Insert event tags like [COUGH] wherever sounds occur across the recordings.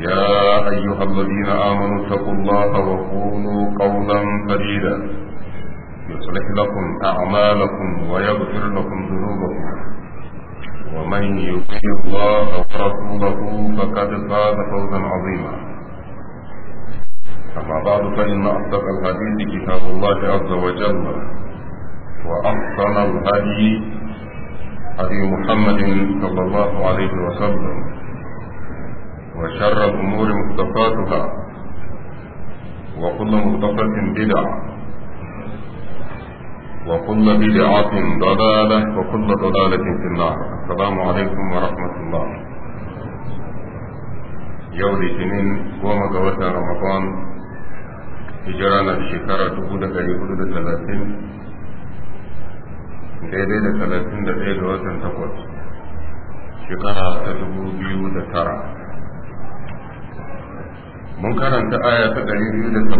يا أيها الذين آمنوا اتقوا الله وقولوا قولا فريدا يصلح لكم أعمالكم ويغفر لكم ذنوبكم ومن يطيع الله ورسوله فقد فاز فوزا عظيما أما بعد فإن أصدق الحديث كتاب الله عز وجل وأحسن الهدي هدي محمد صلى الله عليه وسلم وشر الأمور مختصاتها وكل مختصة بدعة وكل بدعة ضلالة وكل ضلالة في النار السلام عليكم ورحمة الله يوم الاثنين وما قوتنا رمضان هجرانا بشكارة تقودة يقودة ثلاثين daidai da talatin da ɗaya ga watan takwas shekara ta dubu biyu da tara mun karanta aya ta 283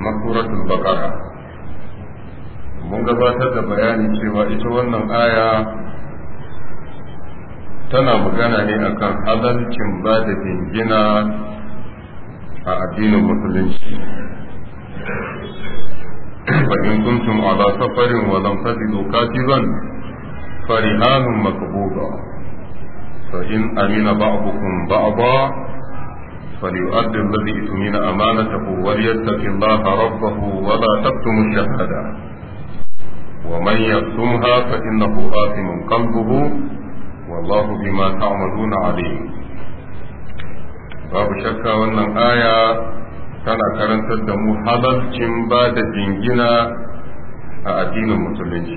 na suratul baqara mun gabatar da bayani cewa ita wannan aya tana magana ne akan adalcin ba da a addinin musulunci فإن كنتم على سفر ولم تجدوا كاتبا فرهان مكبوبا فإن أمن بعضكم بعضا فليؤدي الذي اؤتمن امانته وليتق الله ربه ولا تكتم الشهاده ومن يكتمها فانه اثم قلبه والله بما تعملون عليم babu shakka wannan aya tana karantar da mu halarcin ba da jingina a addinin musulunci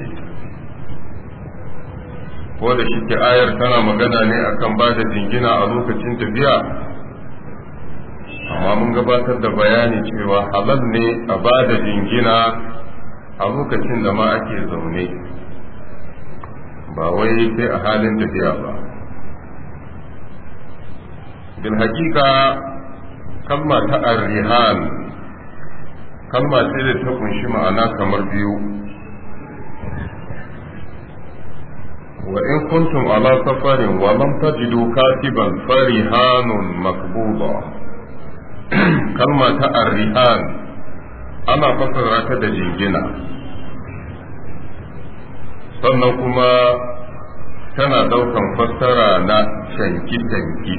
ko da shi ayar tana magana ne akan ba da jingina a lokacin tafiya amma mun gabatar da bayani cewa halal ne a ba da jingina a lokacin da ma ake zaune ba wai sai a halin tafiya ba bin hakika kalma ta arrihan kalma ce da ta kunshi ma'ana kamar biyu wa in kuntum ala safarin wa lam tajidu katiban farihanun makbuba kalma ta arrihan ana fassara ta da jingina sannan kuma tana daukan fassara na tanki-tanki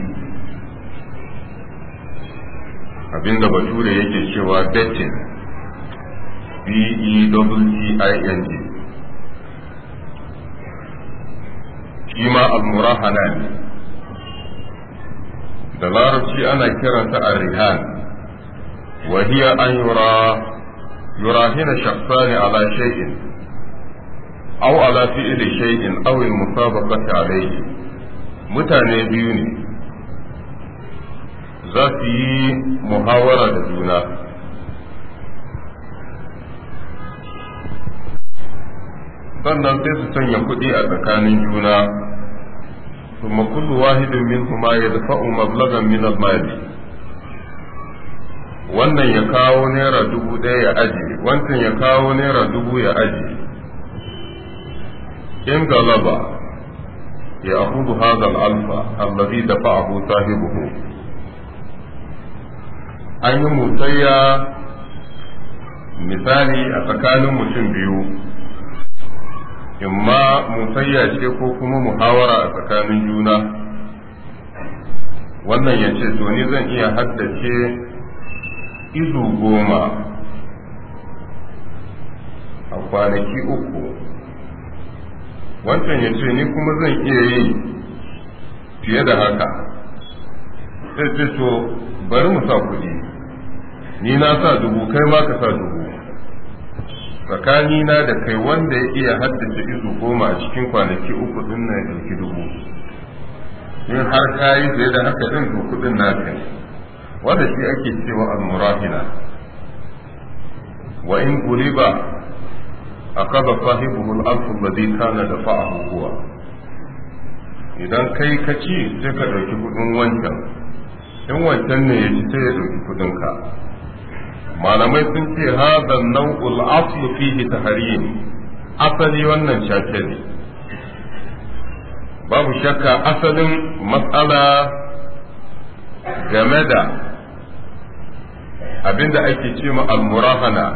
abinda bature yake cewa betting e b-e-w-t-i-n-g shi ma al-murahana ne da larabci ana kiranta a rihan wa hiya an yura hina shakhsani ala shay'in aw ala fi'li shay'in aw al-musabaqati alayhi mutane biyu ne za su yi muhawara da juna sannan sai su sanya kuɗi a tsakanin juna ثم كل واحد منهما يدفع مبلغا من المال wannan ya kawo naira dubu ɗaya ya aji, wancan ya kawo naira dubu ya aji. in galaba ya ahudu hazal alfa allazi da fa'ahu sahibuhu an yi musayya misali a tsakanin mutum biyu imma musayya ce ko kuma muhawara a tsakanin juna wannan ya ce to ni zan iya haddace izu goma a kwanaki uku wancan ya ce ni kuma zan iya yi fiye da haka sai ce to bari mu sa kuɗi ni na sa dubu kai ma ka sa dubu tsakanina da kai wanda ya iya haddace izu goma a cikin kwanaki uku din na ɗauki dubu in har ka yi zai da haka ɗin to kuɗin na ne wanda shi ake cewa al-murahina wa in guriba aqaba sahibuhu al-alf da kana dafa'ahu huwa idan kai ka ci sai ka ɗauki kuɗin wancan in wancan ne ya ci sai ya ɗauki kuɗin ka malamai sun ce hadha nau'ul asl fihi tahrim asali wannan shake ne babu shakka asalin matsala game da abinda ake ce ma al'murahana,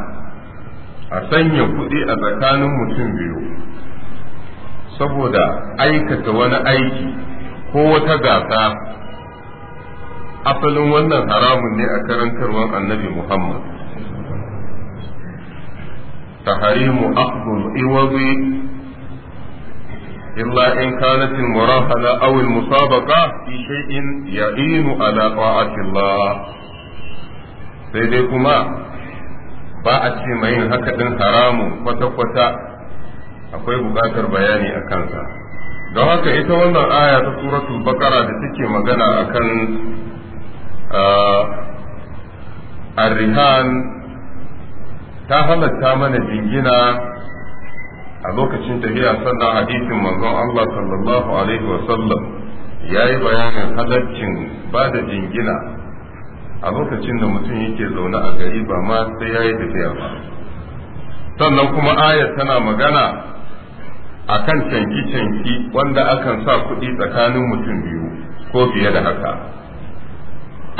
a sanya kuɗi a tsakanin mutum biyu saboda aikata wani aiki ko wata gasa asalin wannan haramun ne a karantarwar annabi Muhammad تحريم أخذ العوض إلا إن كانت المراهنة أو المسابقة في شيء يعين على طاعة الله سيديكما باعت في مين هكذا حرام فتفتا أقول بكاتر بياني أكانها don haka ita wannan aya ta suratul bakara da take magana akan arrihan ta halatta mana jingina a lokacin tafiya sannan hadisin manzon Allah sallallahu alaihi wa sallam ya yi bayanin halaccin ba da jingina a lokacin da mutum yake zaune a gari ba ma sai ya yi tafiya ba sannan kuma ayat tana magana a kan canki-canki wanda akan sa kuɗi tsakanin mutum biyu ko fiye da haka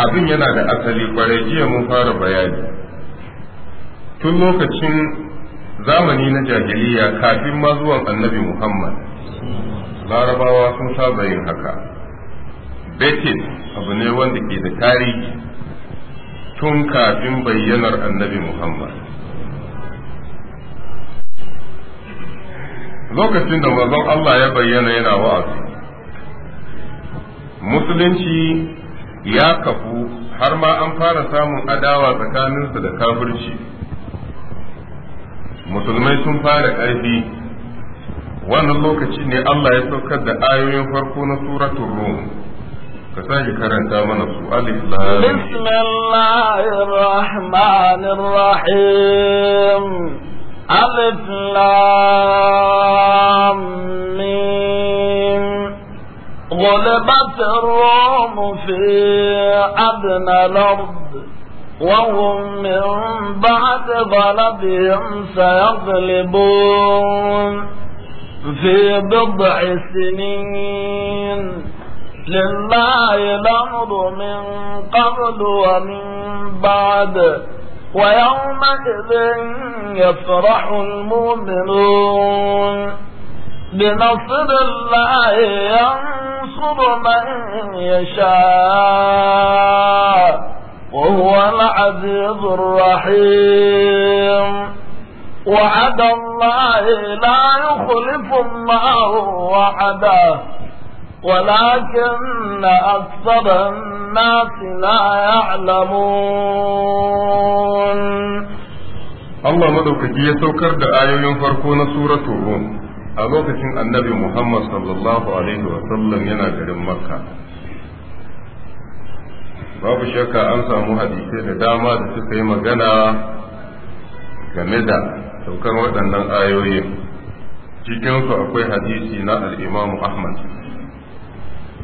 abin yana da asali kwarai jiya mun fara bayani tun lokacin zamani na jahiliya kafin ma zuwan annabi muhammad larabawa sun saba yin haka betin abu ne wanda ke da tarihi tun kafin bayyanar annabi muhammad lokacin da mazan allah ya bayyana yana wa'azi musulunci ya kafu har ma an fara samun adawa tsakaninsu da kafirci musulmai sun fara ƙarfi wannan lokaci ne Allah ya saukar da ayoyin farko na suratul rum ka sake karanta mana su alif lam bismillahir rahmanir rahim alif lam mim غلبت الروم في أدنى الأرض وهم من بعد غلبهم سيغلبون في بضع سنين لله الأمر من قبل ومن بعد ويومئذ يفرح المؤمنون بنصر الله ينصر من يشاء وهو العزيز الرحيم وعد الله لا يخلف الله وعده ولكن أكثر الناس لا يعلمون Allah madaukaki ya saukar da ayoyin farko na suratul a lokacin Annabi Muhammad sallallahu alaihi wa yana garin Makka babu shakka an samu hadisai da dama da suka yi magana game da saukar waɗannan ayoyin cikinsu akwai hadisi na al'imamu ahmad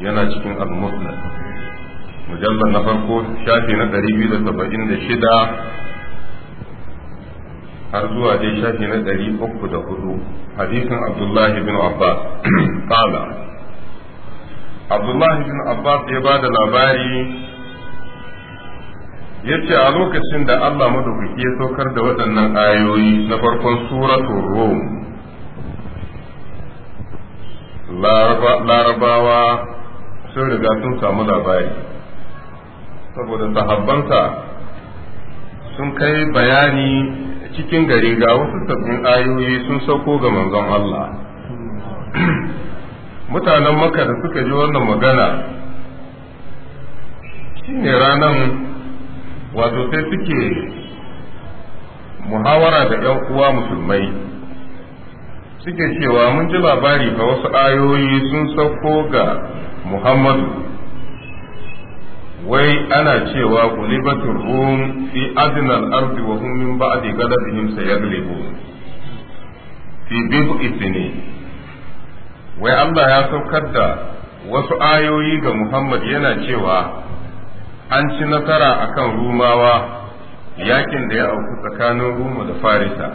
yana cikin al-muslim mujallar na farko shafi na 276 har zuwa dai shafi na 304 hadisin abdullahi bin abbas [CLEARS THROAT] qala abdullahi bin abbas ya ba da labari yace a lokacin da Allah madaukaki ya saukar da waɗannan ayoyi na farkon suratul rum larabawa sun riga sun samu labari saboda sahabbansa sun kai bayani cikin gari ga wasu sabbin ayoyi sun sauko ga manzon Allah [CLEARS THROAT] mutanen maka da suka ji wannan magana shine ranan wato sai suke muhawara da ‘yan uwa musulmai suke cewa mun ji labari ga wasu ayoyi sun sauko ga muhammadu wai ana cewa gulibatun rum fi adinan ardi wa hum min ba'di ghadabihim sayaglibun fi bid'i ne. wai Allah ya saukar da wasu ayoyi ga Muhammad yana cewa an ci nasara akan rumawa yakin da ya auku tsakanin ruma da farisa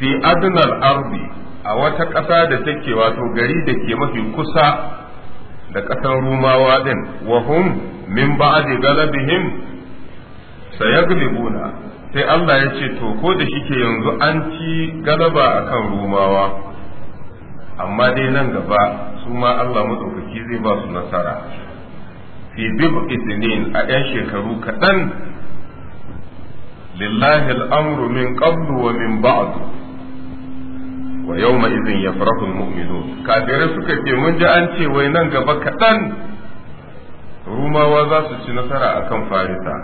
fi adnal ardi a wata ƙasa da take wato gari da ke mafi kusa da ƙasar rumawa din wa min ba'di galabihim sayaglibuna sai Allah ya ce to ko da shike yanzu an ci galaba akan rumawa amma dai nan gaba su ma Allah maɗaukaki zai ba su nasara fi bib a ɗan shekaru kaɗan lillahi al'amru min qablu wa min ba'du wa izin ya yafrahu almu'minun kafirai suka ce mun ji an ce wai nan gaba kaɗan rumawa za su ci nasara akan farisa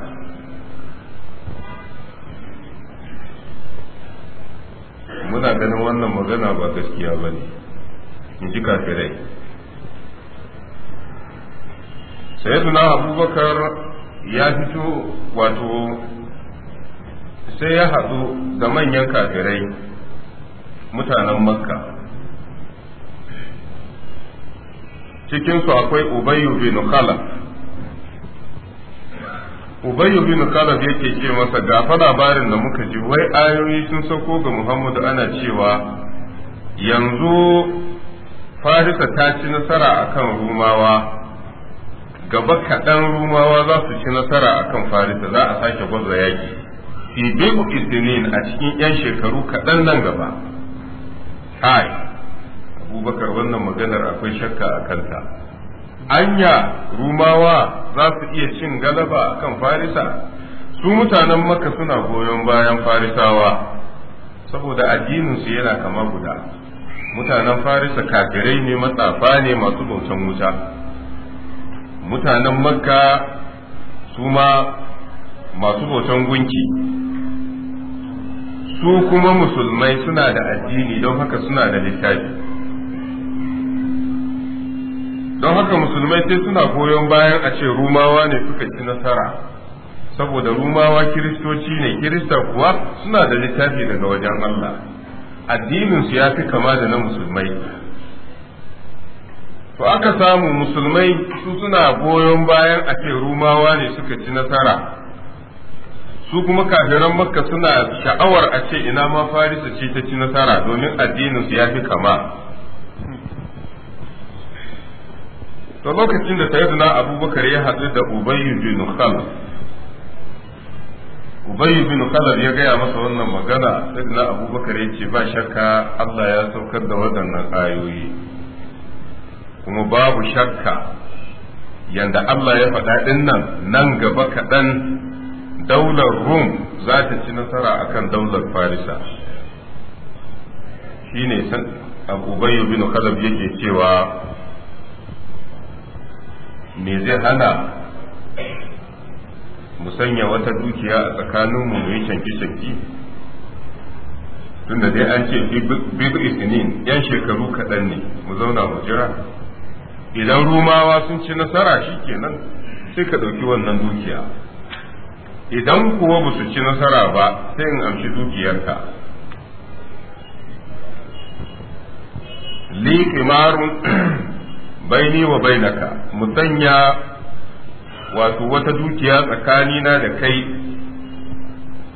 muna ganin wannan magana ba gaskiya ba ne in ji kafirai na abubakar ya fito wato sai ya haɗu da manyan kafirai mutanen makka cikinsu akwai ubayyu bin khalaf ubayyu bin khalaf yake ce masa gafa labarin da muka ji wai ayoyi sun sako ga muhammadu ana cewa yanzu farisa ta ci nasara akan rumawa gaba kaɗan rumawa za su ci nasara akan farisa za a sake gwaza yaki fi biyu isinin a cikin 'yan shekaru kaɗan nan gaba hai abubakar wannan maganar akwai shakka a kanta anya rumawa za su iya cin galaba akan farisa su mutanen maka suna goyon bayan farisawa saboda addininsu yana kama guda mutanen farisa kafirai ne matsafa ne masu bautan wuta mutanen makka su ma masu bautan gunki su kuma musulmai suna da addini don haka suna da littafi don haka musulmai sai suna goyon bayan a ce rumawa ne suka ci nasara saboda rumawa kiristoci ne kirista kuwa suna da littafi daga wajen Allah addinin su ya fi kama da na musulmai to aka samu musulmai su suna goyon bayan a ce rumawa ne suka ci nasara su kuma kafiran makka suna sha'awar a ce ina ma farisa ce ta ci nasara domin addinin su ya fi kama to lokacin da sayyidina abubakar ya haɗu da ubayyu bin khalaf ubay bin khalaf ya gaya masa wannan magana sai na abubakar ce ba shakka Allah ya saukar da waɗannan ayoyi kuma babu shakka yanda Allah ya faɗa ɗin nan nan gaba kaɗan daular rum za ta ci nasara akan daular farisa shine ubayy bin yake cewa me zai hana mu sanya wata dukiya a tsakanin mu yi canki-canki tunda dai an ce bibu isinin yan shekaru kaɗan ne mu zauna mu jira idan rumawa sun ci nasara shi kenan sai ka ɗauki wannan dukiya idan kuwa ba su ci nasara ba sai in amshi dukiyarka li kimarun [CLEARS THROAT] baini wa bainaka mu sanya wato wata dukiya tsakanina da kai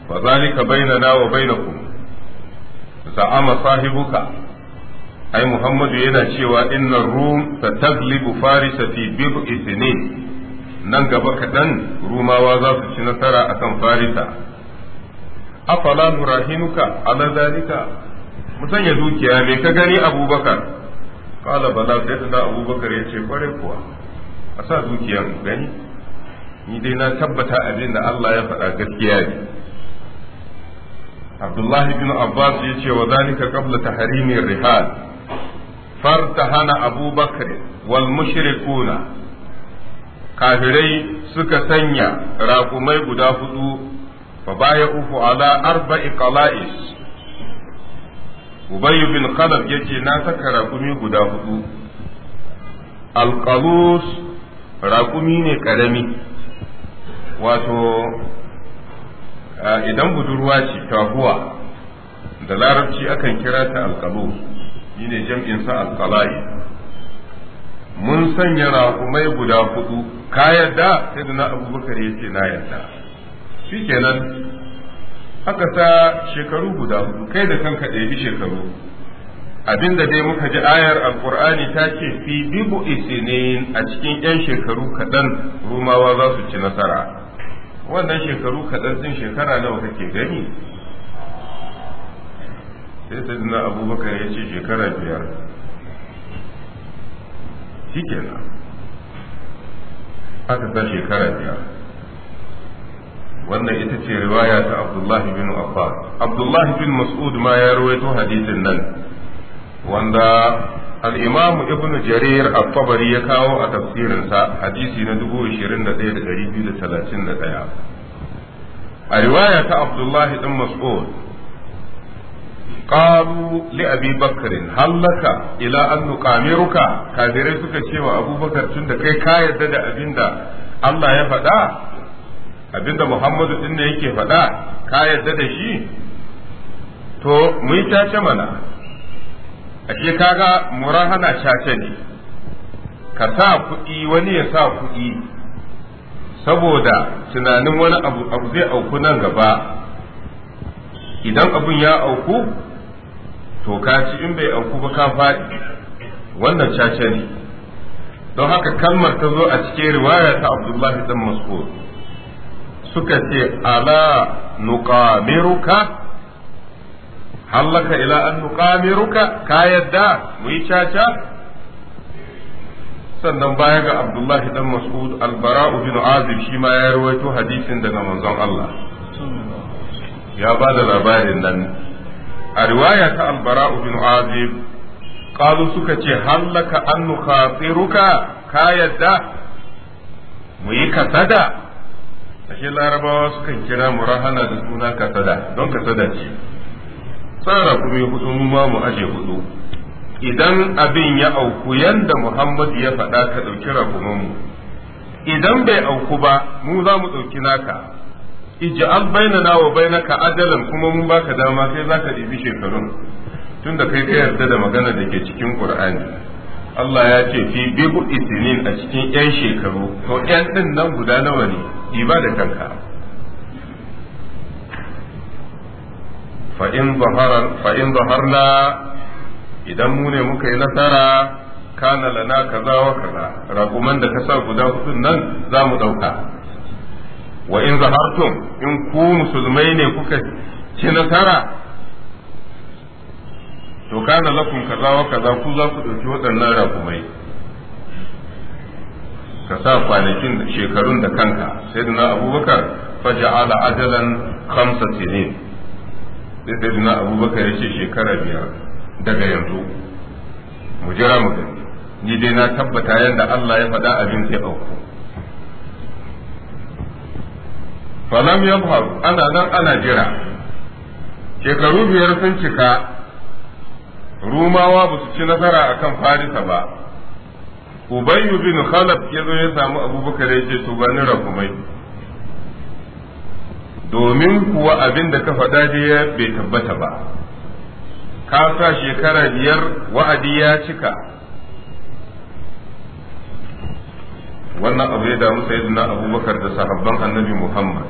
fa zalika bainana wa bainakum za'ama sahibuka ai muhammadu yana cewa inna rum tataglibu farisa fi bid'i sinin nan gaba kaɗan rumawa za su ci nasara akan farisa afala nurahinuka ala zalika mutan ya dukiya me ka gani abubakar qala bala sai da abubakar yace kware kuwa a sa dukiyan gani ni dai na tabbata abin da Allah ya faɗa gaskiya ne Abdullah ibn Abbas ya ce wa ka zalika qabla tahrimi rihal fartahana Abu Bakr wal mushrikuna kafirai suka sanya raƙumai guda hudu fa baya uku ala arba'i qala'is Ubay bin Khalaf yace na saka raƙumi guda hudu Alqalus raƙumi ne ƙarami wato idan budurwa ce tahuwa da larabci akan kira ta alkalu shi ne jam'insa alkalayi mun sanya raƙumai guda hudu ka yadda sai da na abubakar ya ce na yadda shi kenan aka sa shekaru guda hudu kai da kanka ɗebi shekaru abinda dai muka ji ayar alkur'ani ta ce fi bibu isinin a cikin 'yan shekaru kaɗan rumawa za su ci nasara wannan shekaru kaɗan ɗin shekara nawa kake gani sai sai na abubakar ya ce shekara biyar shi kenan aka sa shekara biyar wannan ita ce riwaya ta abdullahi bin Abba. abdullahi bin mas'ud ma ya rawaito hadisin nan wanda al-imam ibnu jarir at-tabari ya kawo a tafsirinsa hadisi na 21231 a riwaya ta abdullahi ɗin mas'ud قالوا لأبي بكر هل لك إلى أن نقامرك كافرين suka ce wa abubakar tunda kai ka yarda da abinda Allah ya faɗa abinda Muhammadu din yake faɗa ka yarda da shi to mu yi tace mana ashe kaga murahana cace ne ka sa kuɗi wani ya sa kuɗi saboda tunanin wani abu abu zai auku nan gaba idan abun ya auku to ka ci in bai auku ba ka faɗi wannan cace ne don haka kalmar ta zo a cikin riwaya ta abdullahi dan mas'ud suka ce ala nuqamiruka hallaka ila an nuqamiruka ka yadda mu yi caca sannan baya ga abdullahi dan mas'ud albara'u bin azib shi ma ya rawaito hadisin daga manzon Allah ya ba da labarin nan a riwaya ta albara'u bin azib qalu suka ce hallaka an nukhatiruka ka yadda mu yi kasada ashe larabawa sukan kira mu Rahana da suna kasada don kasada ce tsara kuma ya hudu mu ma mu aje hudu idan abin ya auku yanda Muhammad ya faɗa ka ɗauki rakuman mu idan bai auku ba mu za mu ɗauki naka ij'al bainana wa ka adalan kuma mun baka dama kai zaka ɗibi shekarun tunda kai ka yarda da magana da ke cikin Ƙur'ani. Allah ya ce fi bibu itinin a cikin 'yan shekaru to 'yan ɗin nan guda nawa ne ɗiba da kanka fa'in na idan mu ne muka yi nasara kana lana kaza wa kaza raguman da ka sa guda hudun nan za mu ɗauka wa in zahartum in ku musulmai ne kuka ci nasara to kana lakum kaza wa kaza ku za ku ɗauki waɗannan ragumai ka sa kwanakin shekarun da kanka sai abubakar faja'ala ajalan khamsa sinin sai abubakar ya shekara biyar daga yanzu mu jira mu gani ni dai na tabbata yadda Allah ya faɗa abin sai auku falam ya ana nan ana jira shekaru biyar sun cika rumawa ba su ci nasara a kan farisa ba ubayyu bin khalaf ya zo ya samu abubakar ya ce to rakumai domin kuwa abin da ka faɗa jiya bai tabbata ba ka sa shekara biyar wa'adi ya cika wannan abu ya damu na abubakar da sahabban annabi muhammad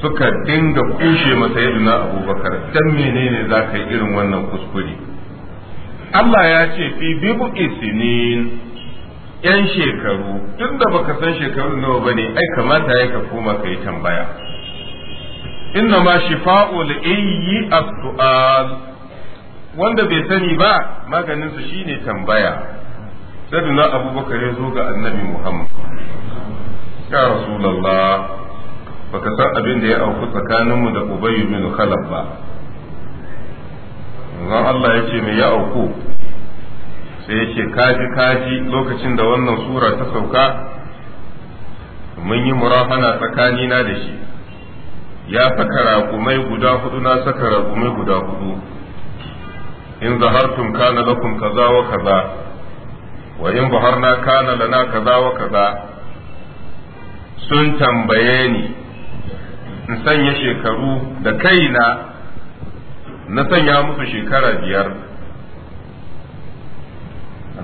suka dinga kushe masa sayyidina abubakar don menene za ka yi irin wannan kuskure Allah ya ce fi bibu isinin yan shekaru tun da baka san shekaru nawa ba ne, ai kamata ya ka koma ka yi tambaya inna ma shifa'ul ayyi as wanda bai sani ba maganinsa shi shine tambaya sai na abubakar ya zo ga annabi muhammad ya rasulallah, baka san abin da ya auku tsakaninmu da ubayu min khalaf ba zan Allah ya ce me ya auku sai ya ce kaji kaji lokacin da wannan sura ta sauka mun yi murahana tsakanina da shi ya saka raƙumai guda hudu na saka raƙumai guda hudu in zahartum kana lakum kaza wa kaza wa in baharna kana lana kaza wa kaza sun tambaye ni in sanya shekaru da kaina na sanya musu shekara biyar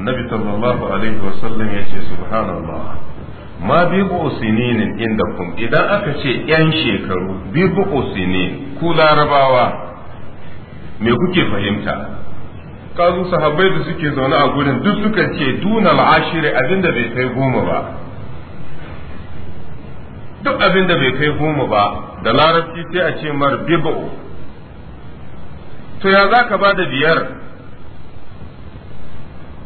annabi sallallahu alaihi wasallam ya ce subhanallah ma ne sininin inda kum idan aka ce yan shekaru bibu usinin ku larabawa me kuke fahimta kazu sahabbai da suke zaune a gurin duk suka ce dunal ashiri abinda bai kai goma ba duk abinda bai kai goma ba da larabci sai a ce mar bibu to ya zaka ba da biyar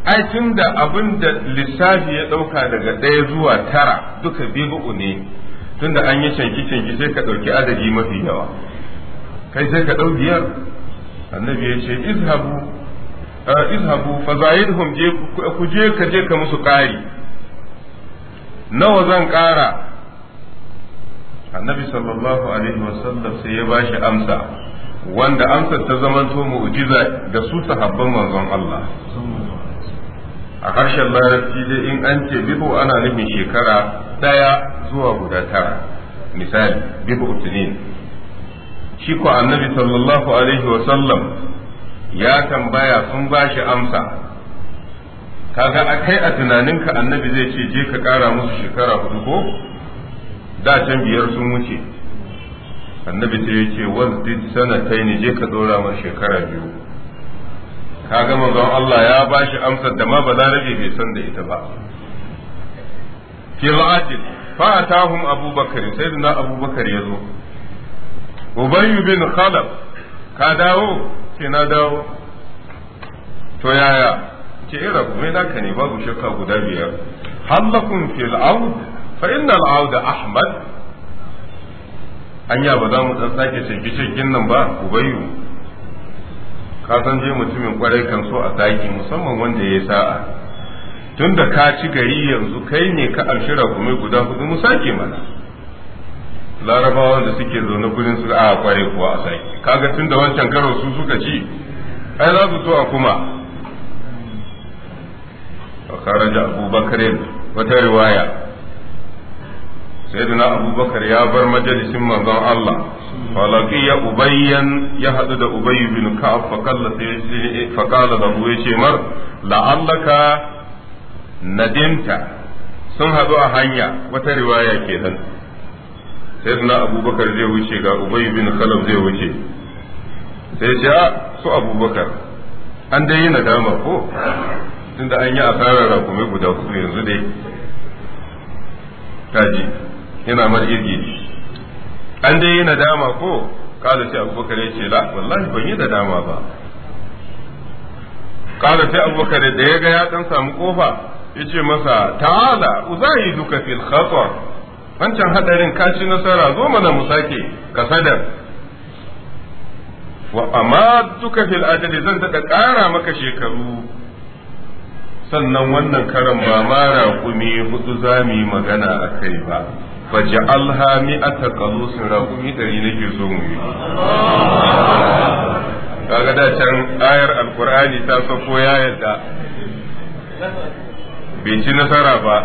ai tun da abin da lissafi ya ɗauka daga ɗaya zuwa tara duka biyu uku ne tun da an yi shanki shanki sai ka ɗauki adadi mafi yawa kai sai ka ɗau biyar annabi ya ce izhabu eh, izhabu fa zayidhum je ku je ka je ka musu ƙari nawa zan ƙara annabi sallallahu alaihi wasallam sai ya bashi amsa wanda amsar ta zamanto mu'jiza ga su sahabban manzon Allah a harshen larabci dai in an ce bibu ana nufin shekara daya zuwa guda tara misali bibu utinin shi ko annabi sallallahu alaihi wa sallam ya tambaya sun ba shi amsa kaga akai a tunaninka annabi zai ce je ka kara musu shekara hudu ko da can biyar sun wuce annabi sai ya ce duk sanatai ne je ka dora ma shekara biyu Ka kaga manzon Allah ya bashi amsar da ma ba rabe bai san da ita ba fi ra'atin fa atahum abubakar sayyidina abubakar ya zo ubay bin khalaf ka dawo ce na dawo to yaya ce ira kuma naka ne babu shakka guda biyar hallakum fil aud fa inna aud ahmad anya ba za mu dan sake shirki shirkin nan ba ubayyu ka san je mutumin kwarai kan so a zagi musamman wanda ya yi sa'a tun da ka ci gari yanzu kai ne ka amshi rakumai guda hudu mu sake mana larabawa da suke zaune gurin su a kwarai kuwa a sake kaga tun da wancan karo su suka ci ai za su so a kuma a karaja abubakar wata riwaya سيدنا abubakar ya bar majalisin مجلس Allah الله ya ubayyan ya hadu da ubay bin ka'ab fakalla sai da eh, ya ce mar la'allaka sun haɗu a hanya wata riwaya kenan sayyidina abubakar zai wuce ga ubay bin khalaf zai wuce sai ce ah, su abubakar an dai yi nadama ko tunda an yi asarar rakumai guda hudu yanzu dai kaji yana mar irgi an dai yi nadama ko kala sai abubakar ya ce la wallahi ban yi nadama ba kala sai abubakar da ya ga ya dan samu kofa ya ce masa ta'ala uzayi duka fil khatar wancan hadarin ka nasara zo mana mu sake kasadar wa amadtuka fil ajali zan daɗa ƙara maka shekaru sannan wannan karan ba mara kumi hudu za mu yi magana a kai ba faj'alha mi'ata qalusin raqumi dari nake so mu kaga da can ayar alkur'ani ta sako ya yadda bai ci nasara ba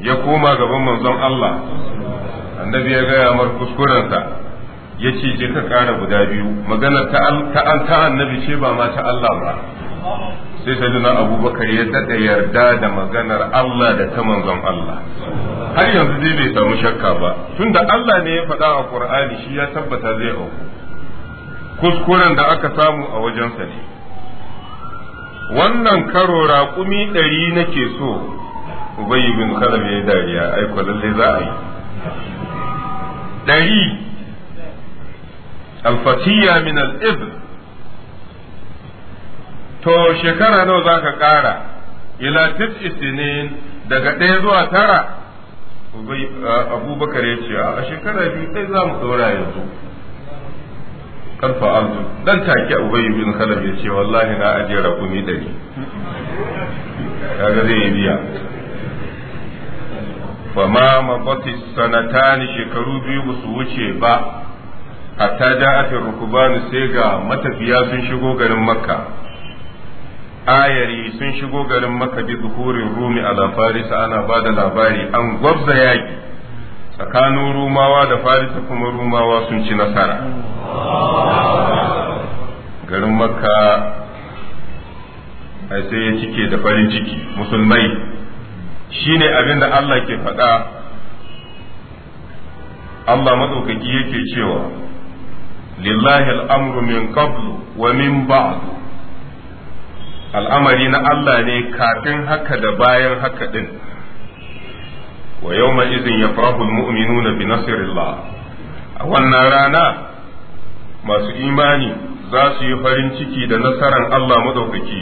ya koma gaban manzon Allah annabi ya gaya mar kuskurensa ya ce je ka ƙara guda biyu maganar ta an ta annabi ce ba ma ta Allah ba sai sayyidina abubakar ya daɗa yarda da maganar Allah da ta manzon Allah har yanzu zai bai samu shakka ba tunda Allah ne ya faɗa a Qur'ani shi ya tabbata zai auku kuskuren da aka samu a wajensa ne wannan karo raƙumi ɗari nake so ubayi bin kalam ya yi dariya aiko lallai za a yi ɗari alfatiya min al'ibn to shekara nawa za ka ƙara ila tis'i sinin daga ɗaya zuwa tara abubakar ya ce a shekara biyu ɗaya za mu ɗora yanzu kan fa'altu dan take ubay bin khalaf ya ce wallahi na aje rakumi ɗari kaga zai biya ma mabati sanatani shekaru biyu ba su wuce ba hatta ja'atin rukubanu sai ga matafiya sun shigo garin makka ayari sun shigo garin maka bi zuhurin rumi ala farisa ana ba da labari an gwabza yaƙi tsakanin rumawa da farisa kuma rumawa sun ci nasara garin maka ai sai ya cike da farin ciki musulmai shine abin da Allah ke faɗa Allah maɗaukaki yake cewa lillahi al'amru min qablu wa min ba'du al'amari na Allah ne kafin haka da bayan haka din wa yawma izin yafrahu na bi nasrillah a wannan rana masu imani za su yi farin ciki da nasarar Allah maɗaukaki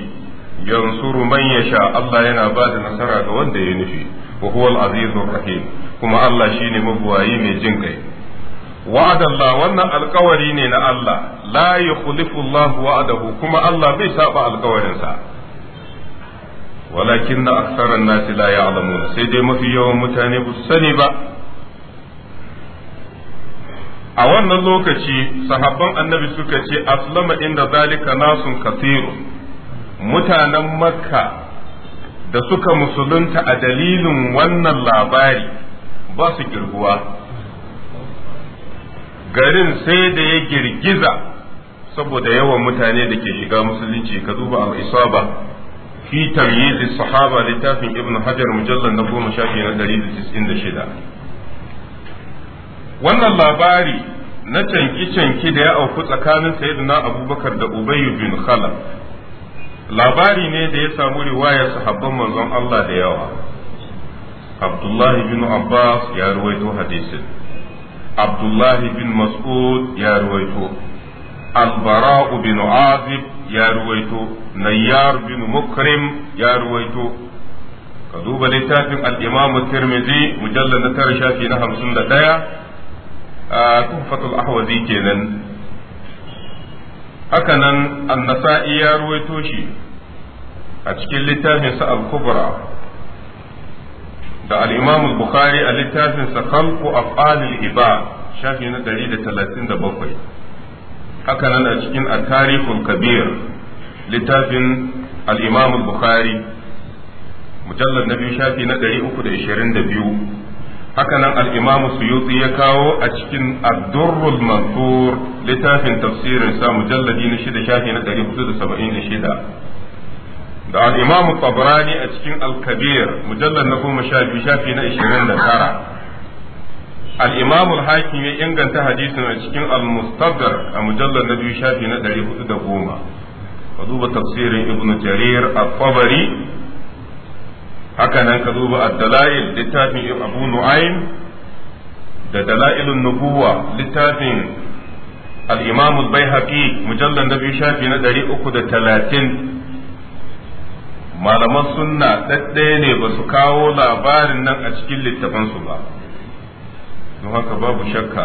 yansuru man sha Allah yana ba da nasara ga wanda ya nufi wa huwal rahim kuma Allah shine mabuwayi mai jin kai wa'adan wannan alkawari ne na Allah la yukhlifu Allah wa'adahu kuma Allah bai saba alkawarinsa walakin na aksaran nasi la sai dai mafi yawan mutane ba sani ba a wannan lokaci sahaban annabi suka ce aslama inda zalika nasun kasiru mutanen makka da suka musulunta a dalilin wannan labari ba su kirguwa garin sai da ya girgiza saboda yawan mutane da ke shiga musulunci ka duba al-isaba fi tamyiz sahaba littafin ibn hajar mujallal na goma shafi na shida. wannan labari na canki-canki da ya auku tsakanin sayyidina abubakar da ubayyu bin khalaf labari ne da ya samu riwayar sahabban manzon Allah da yawa Abdullahi bin Abbas ya ruwaito hadisin abdullahi bin mas'ud ya ruwaito albara'u bin azib ya ruwaito nayyar bin mukrim ya ruwaito ka duba littafin al-imam tirmidhi mujallad na tara shafi na hamsin da ɗaya a tuhfatul ahwazi kenan haka nan an ya ruwaito shi a cikin littafinsa al-kubra da al-Imam al-Bukhari a littafin sa khalqu af'alil ibad shafi na 137 haka nan a cikin a tarikhul Kabir littafin al-Imam al-Bukhari mujallad na biyu shafi na uku da 322 haka nan al-Imam Suyuti ya kawo a cikin ad-Durrul Mansur littafin tafsirin sa mujalladi na 6 shafi na shida. da al-Imam a cikin Al-Kabir mujallal na goma sha biyu shafi na ishirin da tara al-Imam hakim ya inganta hadisin a cikin Al-Mustadrak a mujallar na biyu shafi na ɗari hudu da goma ka duba tafsirin Ibn Jarir a tabari haka nan ka duba ad-Dalail littafin Abu Nu'aym da Dalailun Nubuwa littafin al-Imam al-Baihaqi mujallal na biyu shafi na ɗari uku da talatin malaman sunna ɗaɗɗaya ne ba su kawo labarin nan a cikin littafansu ba don haka babu shakka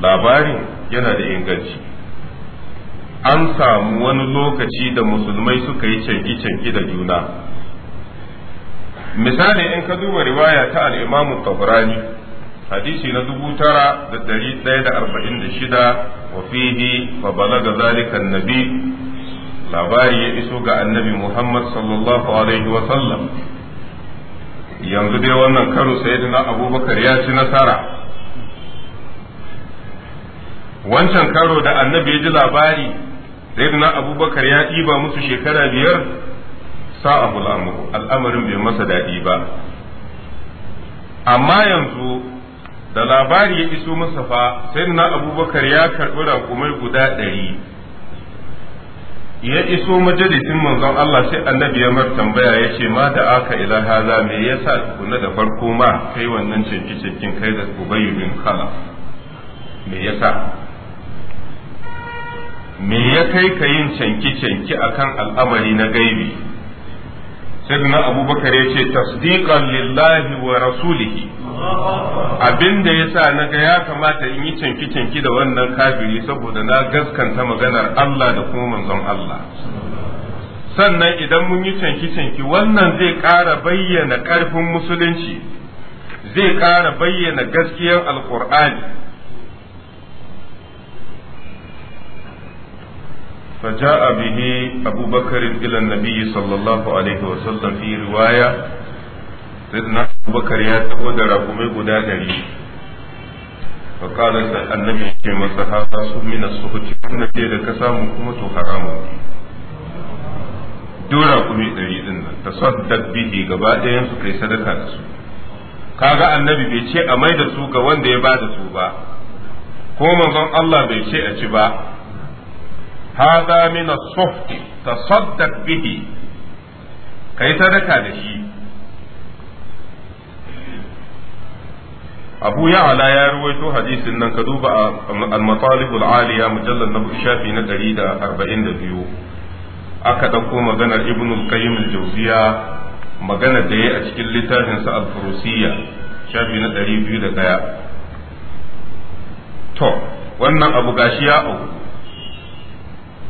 labarin yana da inganci an samu wani lokaci da musulmai suka yi canki-canki da juna misali in ka duba riwaya ta al'imamu tabrani hadisi na dubu tara da dari ɗaya da arba'in da shida wa fihi fa balaga zalika nabi labari ya iso ga annabi Muhammad sallallahu alaihi wa sallam yanzu dai wannan karo sayyidina abubakar ya ci nasara wancan karo da annabi ya ji labari sayyidina abubakar ya ɗiba musu shekara biyar sa abu al'amarin bai masa daɗi ba amma yanzu da labari ya iso masa fa sayyidina abubakar ya karɓi raƙumai guda ɗari ya iso majalisin manzon Allah sai annabi ya mar tambaya ya ce ma da aka ila haza me yasa tukuna da farko ma kai wannan cinki cikin kai da ubayyu bin khala me yasa me ya kai ka yin canki canki akan al'amari na gaibi sayyidina abubakar ya ce tasdiqan lillahi wa rasulihi abin da ya sa na ga ya kamata in yi cinki-cinki da wannan kafiri saboda na gaskanta maganar Allah da kuma manzon Allah sannan idan mun yi cinki-cinki wannan zai ƙara bayyana ƙarfin musulunci zai ƙara bayyana gaskiyar alkur'ani فجاء به أبو بكر إلى النبي صلى الله عليه وسلم في رواية سيدنا أبو بكر يتقود رقمي قدادري فقال النبي كما سحاتا سب من السخط كنا كيدا كسام كمت حرام دورا قمي دري إن تصدق به قبائل سكي صدقا نسو kaga annabi bai ce a mai da su ga wanda ya ba da su ba ko manzon Allah bai ce a ci ba هذا من الصفت تصدق به كي صدقة لشي أبو يعلى يا رويتو حديث إنك دوب المطالب العالية مجلد نبو الشافي نتريد أربعين دبيو aka ɗauko maganar ibn al-qayyim al-jawziya maganar da ya a cikin littafinsa sa al-furusiyya shafi na 201 to wannan abu gashi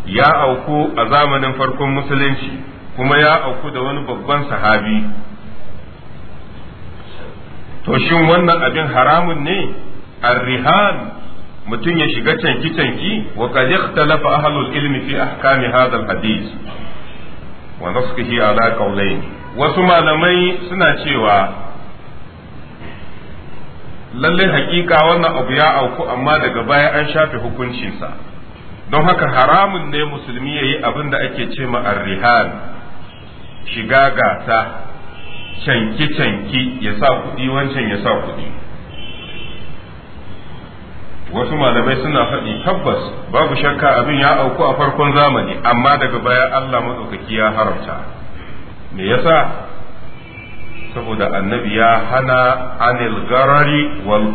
ya auku a zamanin farkon musulunci kuma ya auku da wani babban sahabi to shin wannan abin haramun ne arrihan mutum ya shiga canki-canki wa qad ikhtalafa ahlul ilmi fi ahkami hadha alhadith wa nasqihi ala qawlayn wasu malamai suna cewa lallai hakika wannan abu ya auku amma daga baya an shafe hukuncinsa don haka haramun ne musulmi ya yi abin da ake ce ma arrihan shiga gasa canki-canki ya sa kuɗi wancan ya sa kuɗi wasu malamai suna faɗi tabbas babu shakka abin ya auku a farkon zamani amma daga baya Allah matsaukaki ya haramta me yasa saboda annabi ya hana anil garari wal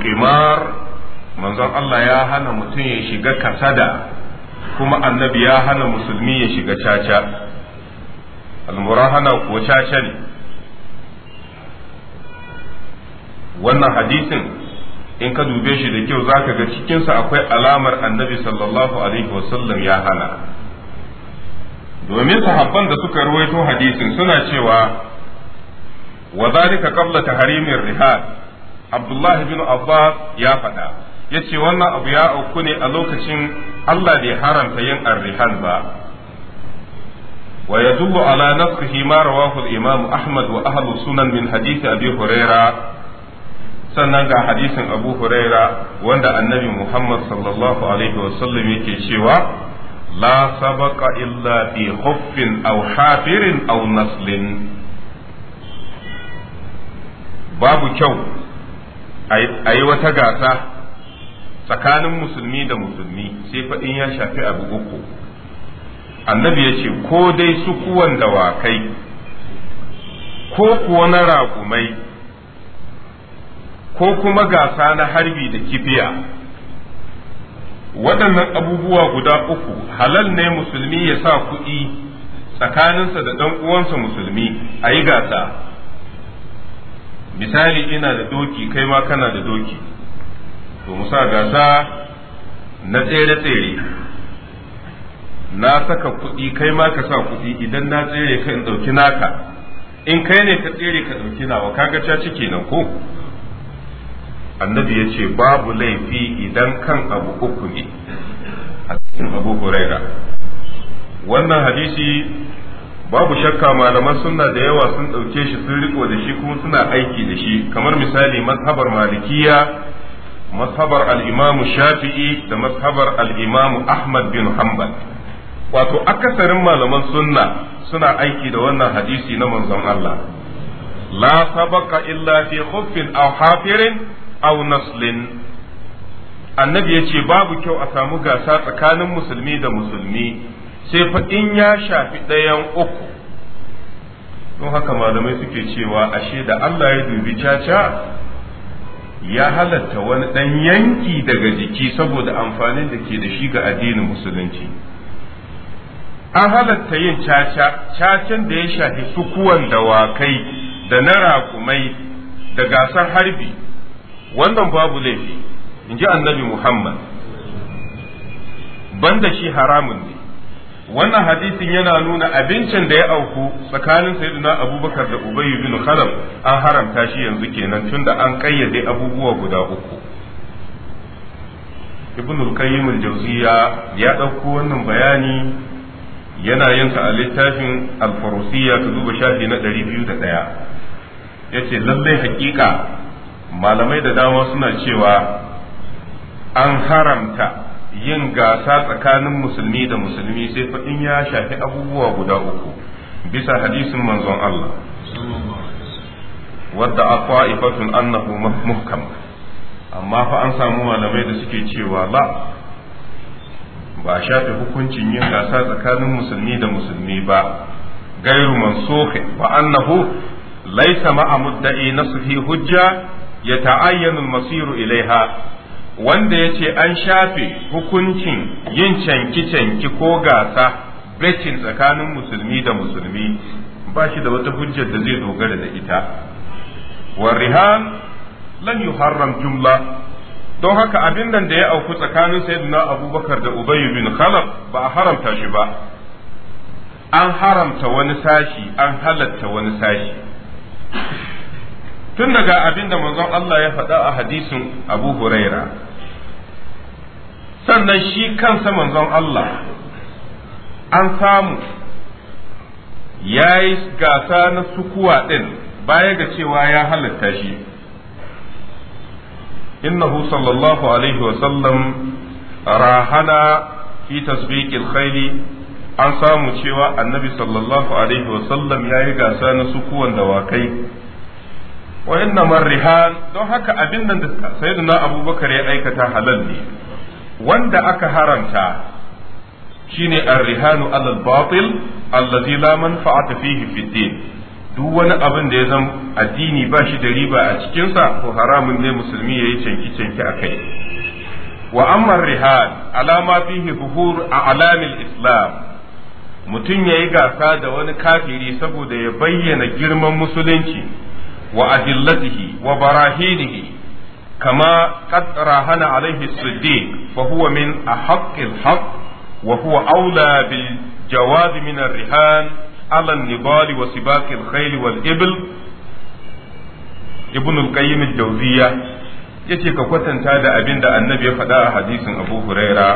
manzon Allah ya hana mutum ya shiga kasada kuma annabi ya hana musulmi ya shiga caca almurahana ko caca ne wannan hadisin in ka dube shi da kyau zaka ga cikinsa akwai alamar annabi sallallahu alaihi wasallam ya hana domin sahabban da suka ruwaito hadisin suna cewa wa zalika qabla tahrimir rihal abdullahi bin abbas ya faɗa ya ce wannan abu ya auku ne a lokacin Allah bai haramta yin arrihan ba wa yadullu ala nafsihi ma rawahu al-imam Ahmad wa ahlu sunan min hadisi Abi Huraira sannan ga hadisin abu huraira wanda annabi muhammad sallallahu alaihi wasallam yake cewa la sabaqa illa bi khuffin aw hafirin aw naslin babu kyau ayi wata gasa tsakanin musulmi da musulmi sai faɗin ya shafi abu uku annabi ya ce ko dai su kuwan dawakai ko kuwa na raƙumai ko kuma gasa na harbi da kifiya waɗannan abubuwa guda uku halal ne musulmi ya sa kuɗi tsakaninsa da ɗan uwansa musulmi a yi gasa misali ina da doki kai ma kana da doki to musa gasa na tsere-tsere na saka kuɗi kai ma ka sa kuɗi idan na tsere ka in ɗauki naka in kai ne ka tsere ka ɗauki nawa kaga ca ciki nan ko annabi ya ce babu laifi idan kan abu uku ne a cikin abu huraira wannan hadisi babu shakka malaman sunna da yawa sun ɗauke shi sun riko da shi kuma suna aiki da shi kamar misali mazhabar malikiya mazhabar al'imamu Shafi'i da mazhabar al Ahmad bin Hanbal wato akasarin malaman sunna suna aiki da wannan hadisi na manzon Allah la sabaka illa fi khuffin aw hafirin aw naslin annabi yace babu kyau a samu gasa tsakanin musulmi da musulmi sai fa in ya shafi ɗayan uku don haka malamai suke cewa ashe da Allah ya dubi caca ya halatta wani ɗan yanki daga jiki saboda amfanin da ke da shi ga addinin musulunci an halatta yin caca cacen da ya shafi sukuwan dawakai da na rakumai da gasar harbi wannan babu laifi in ji annabi muhammad banda shi haramun ne wannan hadisin yana nuna abincin da ya auku tsakanin sayyidina abubakar da ubay bin khalaf an haramta shi yanzu kenan tunda an kayyade abubuwa guda uku ibn al-qayyim al-jawziya ya dauko wannan bayani yana yin sa a littafin al-furusiyya ka duba shafi na 201 yace lallai hakika malamai da dama suna cewa an haramta yin gasa tsakanin musulmi da musulmi sai fa in ya shafi abubuwa guda uku bisa hadisin manzon Allah wadda akwa ifatun annahu muhkam amma fa an samu malamai da suke cewa la ba shafi hukuncin yin gasa tsakanin musulmi da musulmi ba gairu mansukh wa annahu laysa ma'a mudda'i nasuhi hujja yata'ayyanu al-masiru ilaiha wanda ya ce an shafe hukuncin yin canki-canki ko gasa racin tsakanin musulmi da musulmi ba shi da wata hujjar da zai dogara da ita warihan lan haram jumla don haka abin nan da ya auku tsakanin sayyidina abubakar da ubayu bin khalaf ba a haramta shi ba an haramta wani sashi an halatta wani sashi tun daga abin da manzon Allah ya faɗa a hadisin Abu Huraira sannan shi kansa manzon Allah an samu ya yi gasa na sukuwa ɗin baya ga cewa ya halatta shi innahu sallallahu alaihi wasallam rahana fi tasbiqil khayli an samu cewa annabi sallallahu alaihi wasallam ya yi gasa na sukuwan dawakai wa inna rihan don haka abin da sayyidina abubakar ya aikata halal ne wanda aka haramta shine ar-rihanu alal batil allazi la manfa'ata fihi fid din duk wani abin da ya zama addini ba shi da riba a cikinsa ko haramun ne musulmi ya yi canki-canki a kai wa amma rihad alama fihi buhur a alamil islam mutum ya yi gasa da wani kafiri saboda ya bayyana girman musulunci wa adillatihi wa barahinihi كما قد راهن عليه الصديق فهو من أحق الحق وهو أولى بالجواز من الرهان على النضال وسباق الخيل والإبل ابن القيم الجوزية yace ka kwatanta da abin da annabi ya faɗa a hadisin abu huraira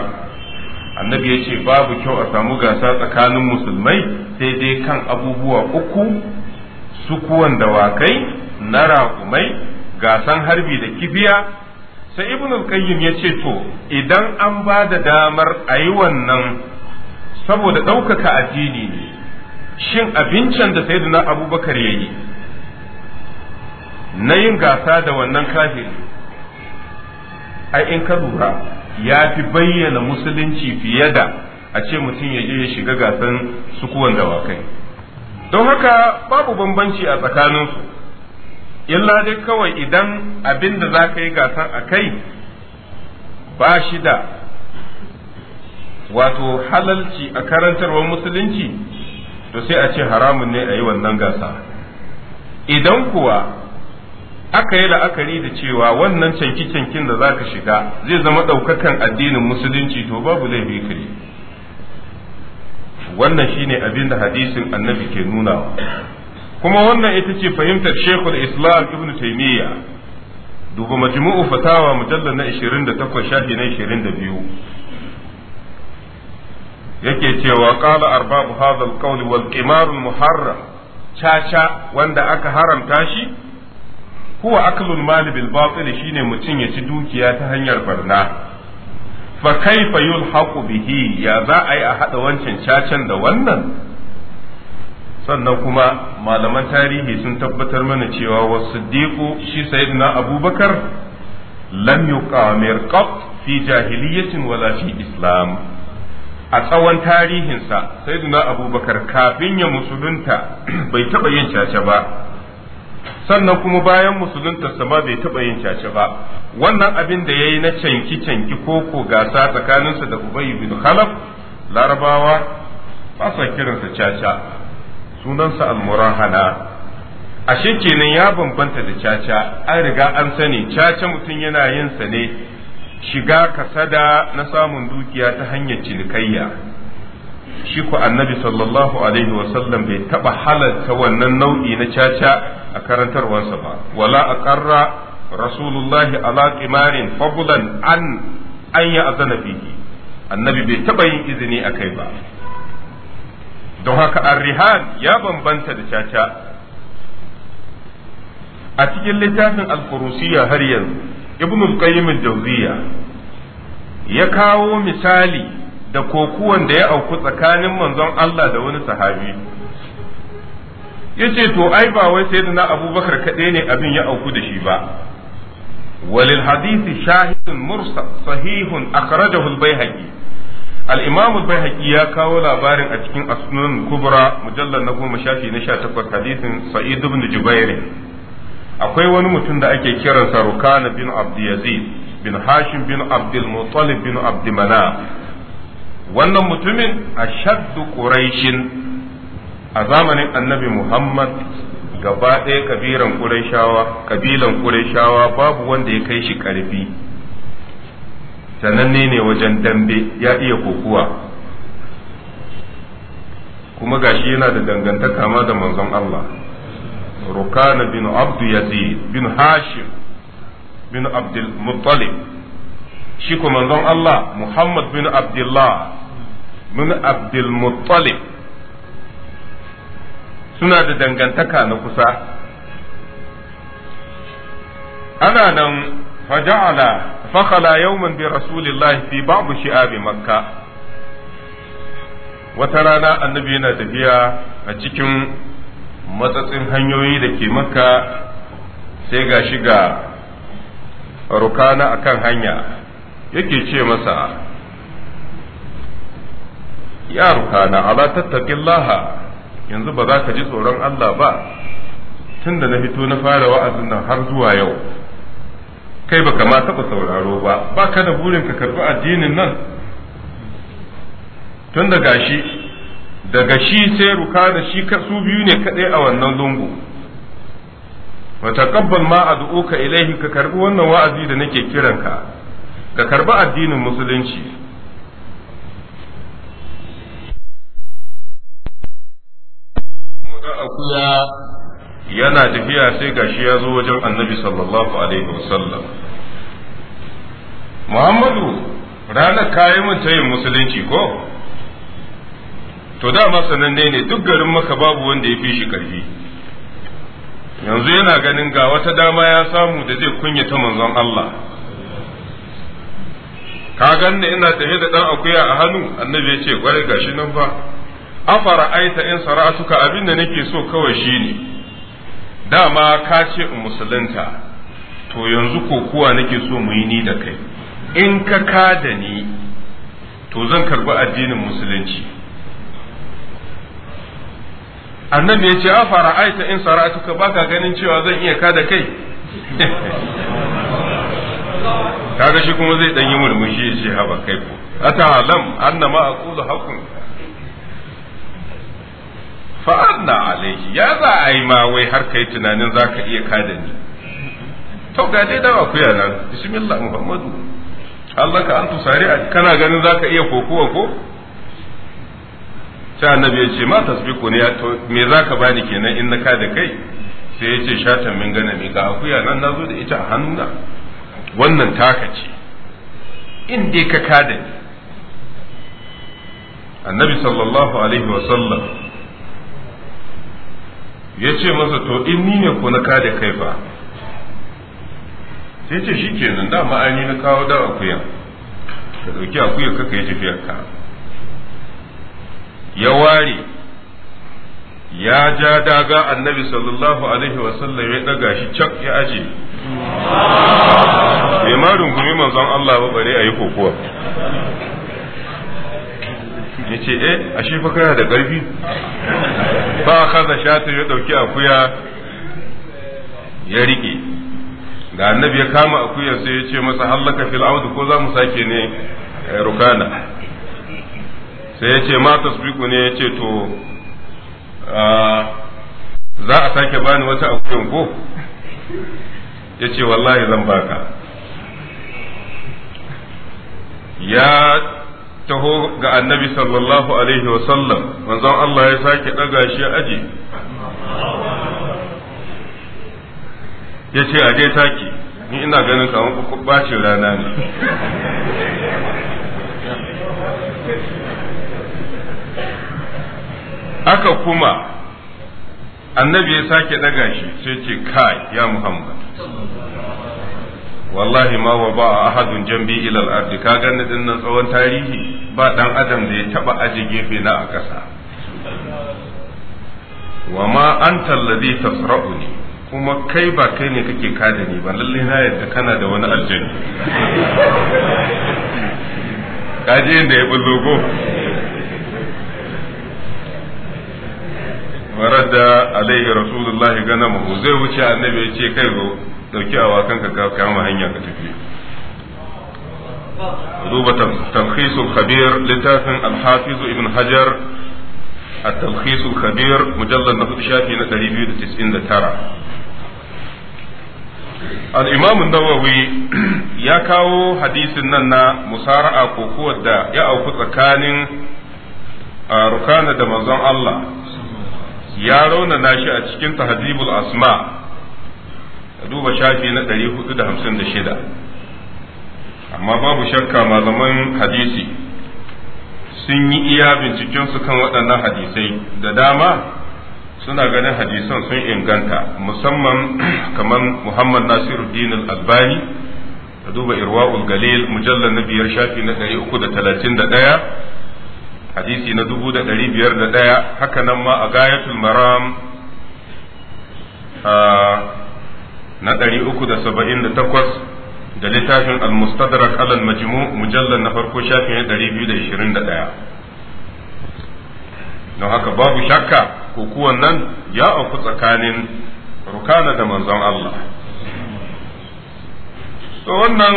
annabi ya ce babu kyau a samu gasa tsakanin musulmai sai dai kan abubuwa uku sukuwan dawakai na raƙumai gasan harbi da kibiya sai ibn al-qayyim ya ce to idan an ba da damar a yi wannan saboda ɗaukaka addini ne shin abincin da sayyidina abubakar ya yi na yin gasa da wannan kafiri ai in ka lura ya fi bayyana musulunci fiye da a ce mutum ya je ya shiga gasan sukuwan dawakai don haka babu bambanci a tsakaninsu illa dai kawai idan abin da za ka yi gasar a kai ba shi da wato halalci a karantarwar musulunci to sai a ce haramun ne a yi wannan gasa idan kuwa aka yi la'akari da cewa wannan canki-cankin da za ka shiga zai zama ɗaukakan addinin musulunci to babu laifi kare wannan shine abin da hadisin annabi ke nunawa kuma wannan ita ce fahimtar shekul islam ibn taimiyya duba majmu'u fatawa mujallar na 28 shafi na 22 yake cewa qala arbabu hadha alqawl wal qimar muharram caca wanda aka haramta shi huwa aklul mal bil batil shine mutun ya ci dukiya ta hanyar barna fa kaifa yulhaqu bihi ya za a yi a hada wancan cacan da wannan sannan kuma malaman tarihi sun tabbatar mana cewa wa siddiqu shi sayyidina abubakar lam yuqamir qat fi jahiliyyatin wala fi islam a tsawon tarihinsa sayyidina abubakar kafin ya musulunta [CLEARS THROAT] bai taba yin caca ba sannan kuma bayan musuluntarsa ma bai taba yin caca ba wannan abin da yayi na canki canki koko gasa tsakaninsa da ubay bin khalaf larabawa ba sa kiransa caca sunansa almurahana ashe kenan ya bambanta da caca an riga an sani caca mutum yana yin sa ne shiga kasada na samun dukiya ta hanyar cinikayya shi ku annabi sallallahu alaihi wasallam bai taba halarta wannan nau'i na caca a karantarwarsa ba wala a ƙarra rasulullahi ala qimarin fabulan an an ya azana annabi bai taba yin izini a kai ba don haka arrihan ya bambanta da caca a cikin littafin alfurusiya har yanzu ibn qayyim jauziya ya kawo misali da kokuwan da ya auku tsakanin manzon Allah da wani sahabi yace to ai ba wai na abubakar kaɗai ne abin ya auku da shi ba walil hadisi shahidun mursal sahihun akhrajahu al-baihaqi al-imam al ya kawo labarin a cikin as kubra mujallar na goma shafi na 18 hadisin sa'id ibn jubair akwai wani mutum da ake kiransa rukana bin abdiyazid bin hashim bin abdul muttalib bin abdimana wannan mutumin a shaddu quraishin a zamanin annabi muhammad gaba ɗaya kabilan ƙurayshawa kabilan ƙurayshawa babu wanda ya kai shi ƙarfi sananne ne wajen dambe ya iya kokuwa kuma gashi yana da dangantaka ma da manzon Allah rukana bin abdu yazid bin hashim bin abdul muttalib shi ko manzon Allah muhammad bin abdullah bin abdul muttalib suna da dangantaka na kusa ana nan فجعل فخلا يوما برسول الله في بعض شعاب مكة وترانا النبي a cikin matsatsin hanyoyi da ke maka sai ga shiga rukana kan hanya yake ce masa ya rukana ala yanzu baza za ka ji tsoron Allah ba Tunda na fito na fara wa'azin nan har zuwa yau kai baka ma taɓa sauraro ba ba ka da burin ka karɓi addinin nan tun daga shi daga shi sai ruka da shi su biyu ne kaɗai a wannan lungu wa taqabbal ma ad'uka ilayhi ka karbi wannan wa'azi da nake kiranka ka karbi addinin musulunci akuya yana tafiya sai gashi ya zo wajen annabi sallallahu alaihi wasallam muhammadu ranar kayi mun ta yin musulunci ko to dama sananne ne duk garin maka babu wanda ya fi shi karfi yanzu yana ganin ga wata dama ya samu da zai kunya ta manzon Allah ka ganni ina tafe da dan akuya a hannu annabi ya ce kware gashi nan fa afara aita in sara'atuka abin da nake so kawai shine dama ka ce in musulunta to yanzu kuwa nake so mu yi ni da kai in ka ka da ni to zan karbi addinin musulunci annabi ya ce a aita in ka baka ganin cewa zan iya ka da kai [LAUGHS] kaga shi kuma zai dan yi murmushi ya ce haba kai ko ata alam annama aqulu hakun fa'adna alaihi ya za a yi ma wai har kai tunanin za ka iya kada ni to ga dai dawa kuya nan bismillah muhammadu Allah ka an a kana ganin za ka iya kokowa ko sai annabi ya ce ma tasbiku ne me za ka bani kenan in na kada kai sai ya ce shatan min gana mi ga akuya nan na zo da ita a hannuna wannan taka ce in dai ka kada ni annabi sallallahu alaihi wa sallam ya ce masa to in ni ne ko na kada kai fa sai ce shi kenan da ma'ani na kawo da akuyan ka ɗauki akuya kaka yi tafiyarka ya ware ya ja daga annabi sallallahu alaihi wasallam ya daga shi cak ya aje bai ma rungumi manzon Allah ba bare a yi kokowa yace eh ashe fa kana da ƙarfi ba a kaza shatu ya ɗauki akuya ya riƙe da annabi ya kama akuyar sai ya ce masa hallaka fil audu ko za mu sake ne eh, rukana sai ya ce ma tasbiku ne ya ce to za a sake bani wata akuyan ko ya ce wallahi zan baka ya taho ga annabi sallallahu alaihi wasallam manzon Allah ya sake ɗaga shi aji ya ce aje taki ni ina ganin kamar ce rana ne aka kuma annabi ya sake ɗaga shi sai ce kai ya muhammad wallahi ma wa ba ahadun jambi ila al-ardi ka ganni din nan tsawon tarihi ba dan adam da ya taba aje gefe na a ƙasa wa ma anta alladhi tasra'uni kuma kai ba kai ne kake kada ni ba lalle na yadda kana da wani aljanni kaje da ya bullo ko warada alaihi rasulullahi mu zai wuce annabi ya ce kai go dauki a wakan ka kama hanya ka tafi duba tafkhis khabir littafin al-hafiz hajar a tafkhis khabir mujallad na shafi na 299 al-imam an-nawawi [CLEARS THROAT] ya kawo hadisin nan na musara'a ko da ya auku tsakanin rukana da mazan Allah ya raunana shi a cikin tahdibul asma' ka duba shafi na 456 amma babu shakka malaman hadisi sun yi iya bincikensu kan waɗannan hadisai da dama suna ganin hadisan sun inganta musamman [CLEARS THROAT] kamar muhammad Nasiru al-albani ka duba irwa'ul galil mujallar na biyar shafi na 331 hadisi na 1501 haka nan ma a gayatul maram na ɗari uku da saba'in da takwas da littafin al-mustadrak alal majmu mujallar na farko shafin na ɗari biyu da ishirin da ɗaya don haka babu shakka kukuwan nan ya auku tsakanin rukana da manzon Allah to wannan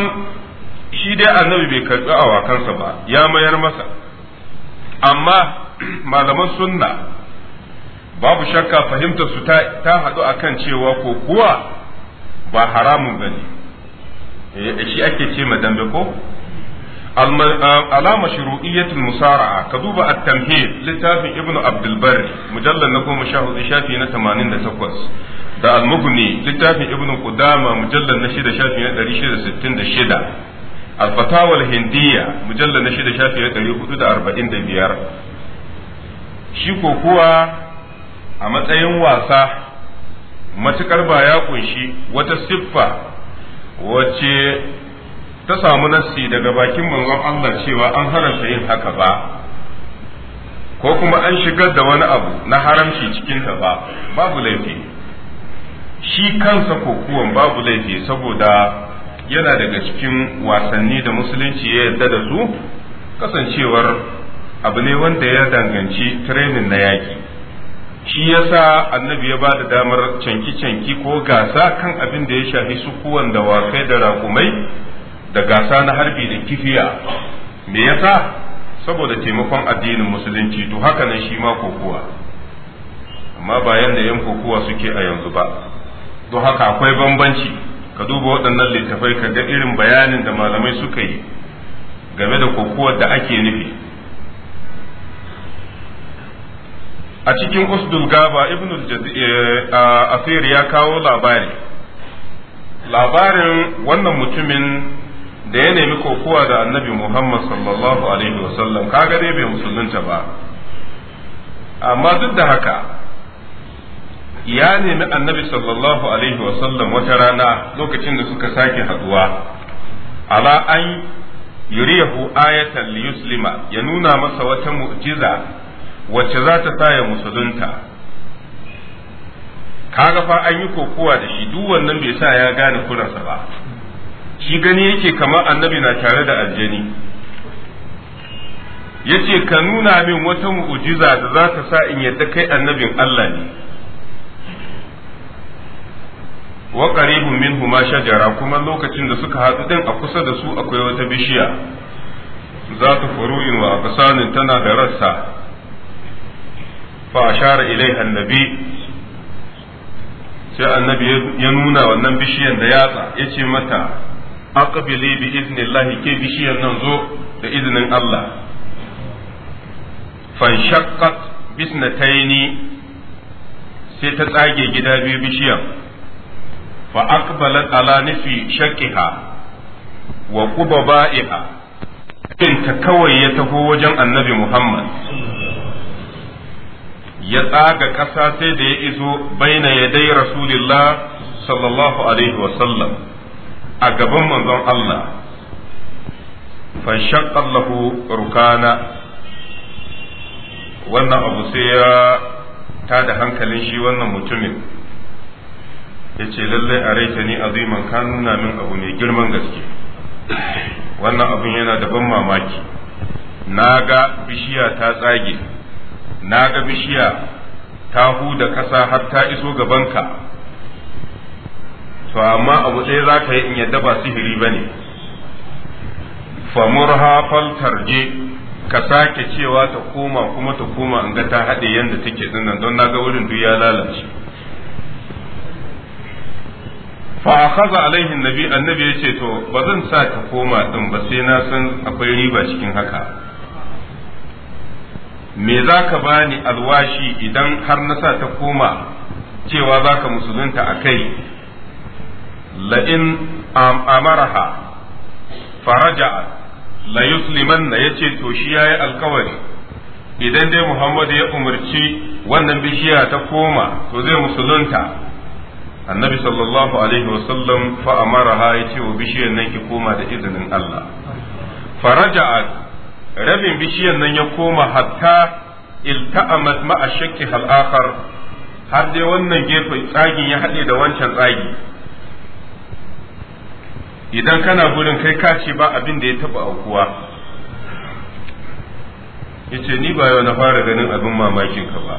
shi dai annabi bai karɓi awakansa ba ya mayar masa amma [CLEARS THROAT] malaman sunna babu shakka fahimtar su ta haɗu akan cewa ko kuwa ba haramun bane eh, shi ake ce ma dambe ko alama shuru'iyyatul musara'a ka duba at-tamhid littafin ibnu abdul barr mujallal na goma sha hudu shafi na tamanin da takwas. al-mughni littafin ibnu qudama mujallal na shida shafi na ɗari shida 666 al-fatawa al-hindiyya mujallal na shida shafi na ɗari da da arba'in biyar. shi ko kuwa a matsayin wasa matukar ba ya kunshi wata siffa wacce ta samu nassi daga bakin manzon Allah cewa an haramta yin haka ba ko kuma an shigar da wani abu na haramci cikinta ba babu laifi shi kansa kokuwan babu laifi saboda yana daga cikin wasanni da musulunci ya yarda da su kasancewar abu ne wanda ya danganci training na yaki shi yasa annabi ya bada damar canki-canki ko gasa kan abin da ya shafi sukuwan da dawakai da raƙumai da gasa na harbi da kifiya me yasa saboda taimakon addinin musulunci to haka nan shi ma kokuwa amma ba da yan kokuwa suke a yanzu ba don haka akwai bambanci ka duba waɗannan littafai ka ga irin bayanin da malamai suka yi game da kokuwar da ake nufi a cikin usdul gaba ibn eh, asir ya kawo labari labarin wannan mutumin da ya nemi kokowa da annabi muhammad sallallahu alaihi wasallam kaga dai bai musulunta ba amma duk da haka ya nemi annabi sallallahu alaihi wasallam wata rana lokacin da suka sake haduwa ala an yuriyahu ayatan liyuslima ya nuna masa wata mu'jiza wacce za ta sa ya musulunta kaga fa an yi kokowa da shi duk wannan bai sa ya gane kuransa ba shi gani yake kamar annabi na tare da aljani yace ka nuna min wata mu'ujiza da za ta sa in yadda kai annabin Allah ne wa qaribun min huma shajara kuma lokacin da suka haɗu din a kusa da su akwai wata bishiya za ta furu'in wa aqsanin tana da rassa fa ashara ilaiha annabi ya nuna wannan bishiyan da yatsa ya ce mata aqbili bi iznillahi ke bishiyan nan zo da iznin Allah fanshaqqat ni sai ta tsage gida biyu bishiyan fa aqbalat ala nifi shaqqiha wa qubaba'iha ta kawai ya taho wajen annabi Muhammad ya tsaga ƙasa sai da ya iso baina ya dai rasulillah sallallahu alaihi wasallam a gaban manzon Allah fashaƙallahu rukana wannan abu sai ya da hankalin shi wannan mutumin ya ce lallai a raita ni aziman kanuna min abu mai girman gaske wannan abun yana da ban mamaki na ga bishiya ta tsage na ga bishiya ta huda ƙasa har ta iso gabanka to amma abu ɗaya za ka yi in yadda ba sihiri ba ne famurha faltar je ka sake cewa ta koma kuma ta koma in ga ta haɗe yadda take dinnan don na ga wurin duk ya lalace fa akhadha alaihi annabi annabi yace to ba zan sa ta koma din ba sai na san akwai riba cikin haka me za ka ba ni alwashi idan har na sa ta koma cewa za ka musulunta a kai la'in amaraha faraja la yuslimanna ya ce to shi ya yi alkawari idan dai muhammadu ya umarci wannan bishiya ta koma to zai musulunta annabi sallallahu alaihi wasallam fa amaraha ya ce wa bishiyar nan ki koma da izinin allah faraja rabin bishiyan nan ya koma hatta ilta'amat ma'a shakki hal akhar har dai wannan gefen tsagin ya haɗe da wancan tsagi idan kana gurin kai ka ce ba abin da ya taɓa aukuwa yace ni ba na fara ganin abin mamakin ka ba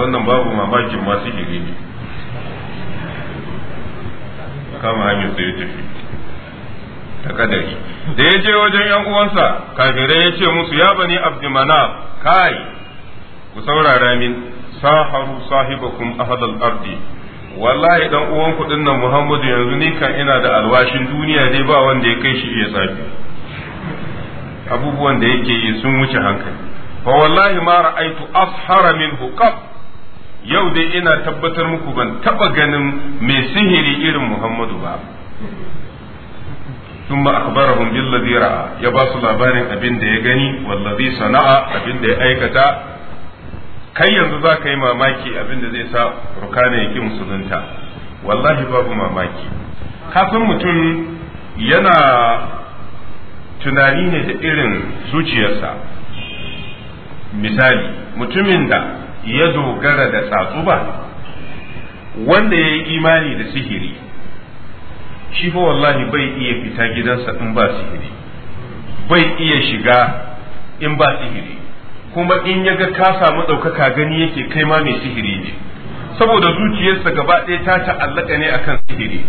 wannan babu mamakin masu hirimi kama hanyar sai ya tafi Takadari. kadari da ya je wajen yan uwansa kafirai ya ce musu ya bani abdi abdumana kai ku saurara min saharu sahibakum al ardi wallahi dan uwan ku nan Muhammadu yanzu ni kan ina da alwashin duniya dai ba wanda ya kai shi iya sabi abubuwan da yake yi sun wuce hankali fa wallahi ma ra'aitu ashara minhu qab yau dai ina tabbatar muku ban taba ganin mai sihiri irin Muhammadu ba ثم أخبرهم بالذي رأى يباس لابارين أبين دي يغني والذي صنع أبين دي أيكتا kai yanzu za ka yi mamaki abin da zai sa rukana ya ki musulunta wallahi babu mamaki Kafin mutum yana tunani ne da irin zuciyarsa misali mutumin da ya dogara da tsatsuba wanda ya yi imani da sihiri shi fa wallahi bai iya fita gidansa in ba sihiri bai iya shiga in ba sihiri kuma in ya ga ka samu ɗaukaka gani yake kai ma mai sihiri ne saboda zuciyarsa gaba ɗaya ta ta'allaka ne akan sihiri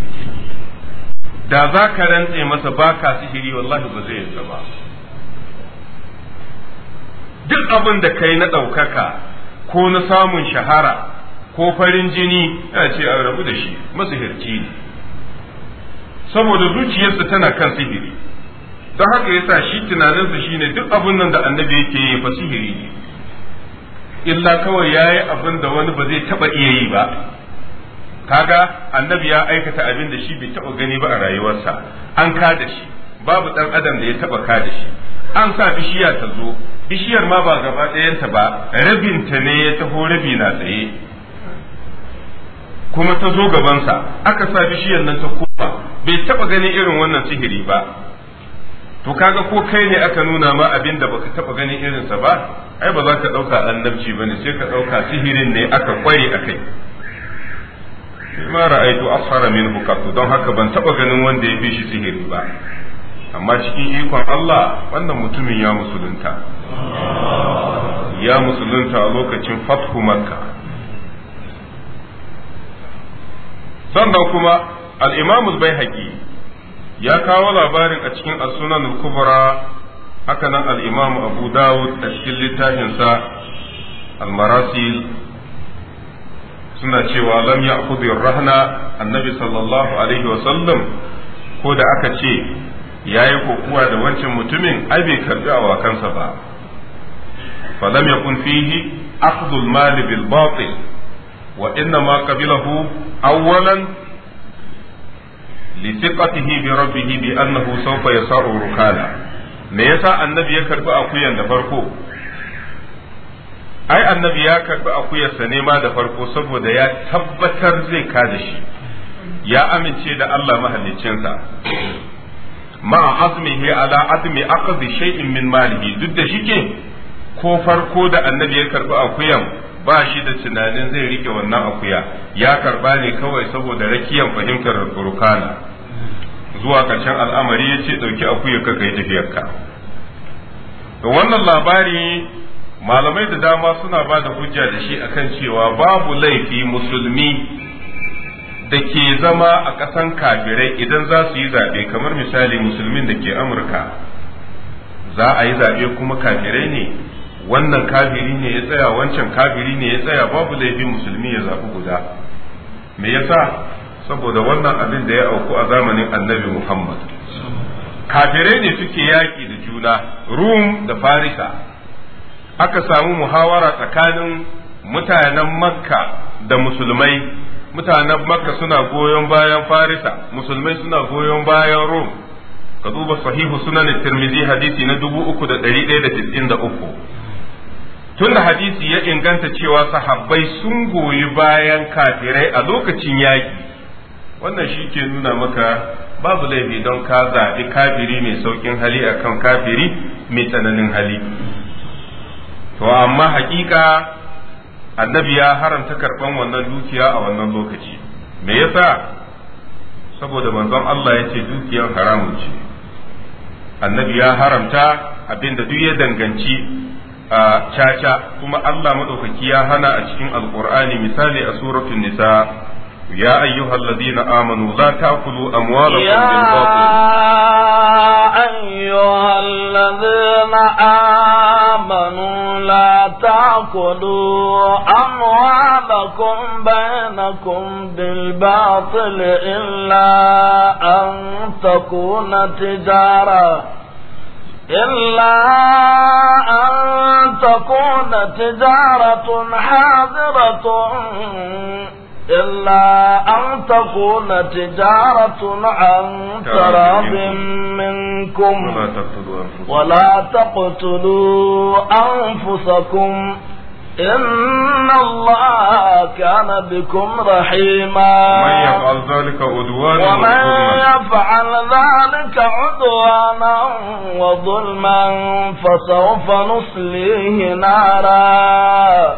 da za ka rantse masa baka sihiri wallahi ba zai yarda ba duk abin da kai na ɗaukaka ko na samun shahara ko farin jini yana ce a rabu da shi masu ne saboda zuciyarsa tana kan sihiri don haka sa shi tunaninsa shine duk abin nan da annabi yake yi fa sihiri ne illa kawai ya yi abin da wani ba zai taba iya yi ba kaga annabi ya aikata abin da shi bai taba gani ba a rayuwarsa an ka da shi babu ɗan adam da ya taba ka da shi an sa bishiya ta zo bishiyar ma ba gaba ɗayanta ba rabinta ne ya taho rabi na tsaye kuma ta zo gabansa aka sa bishiyar nan ta koma bai taba ganin irin wannan sihiri ba to kaga ko kai ne aka nuna ma abinda baka taba ganin irinsa ba ai ba za ka dauka annabci ba ne sai ka dauka sihirin ne aka kware akai ma ra'aitu ashara min bukatu, don haka ban taba ganin wanda ya fi shi sihiri ba amma cikin ikon Allah wannan mutumin ya musulunta ya musulunta a lokacin fathu makka sannan kuma al'imamul bai al ya kawo labarin a cikin as-Sunan al-Kubra haka nan al Abu Dawud a cikin littafinsa al marasi suna cewa lam ya'khudhi rahna annabi sallallahu alaihi wa sallam ko da aka ce yayi kokuwa da wancan mutumin ai bai karbi wakansa ba falam yakun fihi akhdhu al bil batil wa ma qabilahu awwalan li me yasa annabi ya karbi akuyan da farko ai annabi ya karɓi akuyarsa ne ma da farko saboda ya tabbatar zai kada shi ya amince da Allah mahaliccinsa ma azmihi ala azmi aqdi shay'in min maliki duk da shike ko farko da annabi ya karɓi akuyan ba shi da tunanin zai rike wannan akuya ya karba ne kawai saboda rakiyar fahimtar rukana zuwa karshen al'amari ya ce ɗauki akuya ka kai tafiyarka wannan labari malamai da dama suna ba da hujja da shi akan cewa babu laifi musulmi da ke zama a ƙasan kafirai idan za su yi zaɓe kamar misali musulmin da ke amurka za a yi zaɓe kuma kafirai ne wannan kafiri ne ya tsaya wancan kafiri ne ya tsaya babu laifin musulmi ya zaɓi guda me yasa saboda wannan abin da ya auku a zamanin annabi muhammad kafirai ne suke yaƙi da juna rum da farisa aka samu muhawara tsakanin mutanen makka da musulmai mutanen makka suna goyon bayan farisa musulmai suna goyon bayan rum ka duba sahihu sunan tirmidhi hadisi na uku. tunda hadisi ya inganta cewa sahabbai sun goyi bayan kafirai a lokacin yaƙi wannan shi ke nuna maka babu laifi don ka zaɓi kafiri mai sauƙin hali akan kafiri mai tsananin hali to amma haƙiƙa annabi ya haramta karɓan wannan dukiya a wannan lokaci me yasa saboda manzon Allah ya ce dukiyar haramun ce annabi ya haramta abinda duk ya danganci a caca kuma Allah maɗaukaki ya hana a cikin alƙur'ani misali a suratu nisa ya ayyuhal ladina amanu la takulu amwalakum bil batil ya ayyuhal ladina amanu la takulu amwalakum bainakum bil batil illa an takuna tijara إلا أن تكون تجارة حاضرة إلا أن تكون تجارة عن تراب منكم ولا تقتلوا أنفسكم إن الله كان بكم رحيما من يفعل ذلك عدوانا ومن يفعل ذلك عدوانا وظلما فسوف نصليه نارا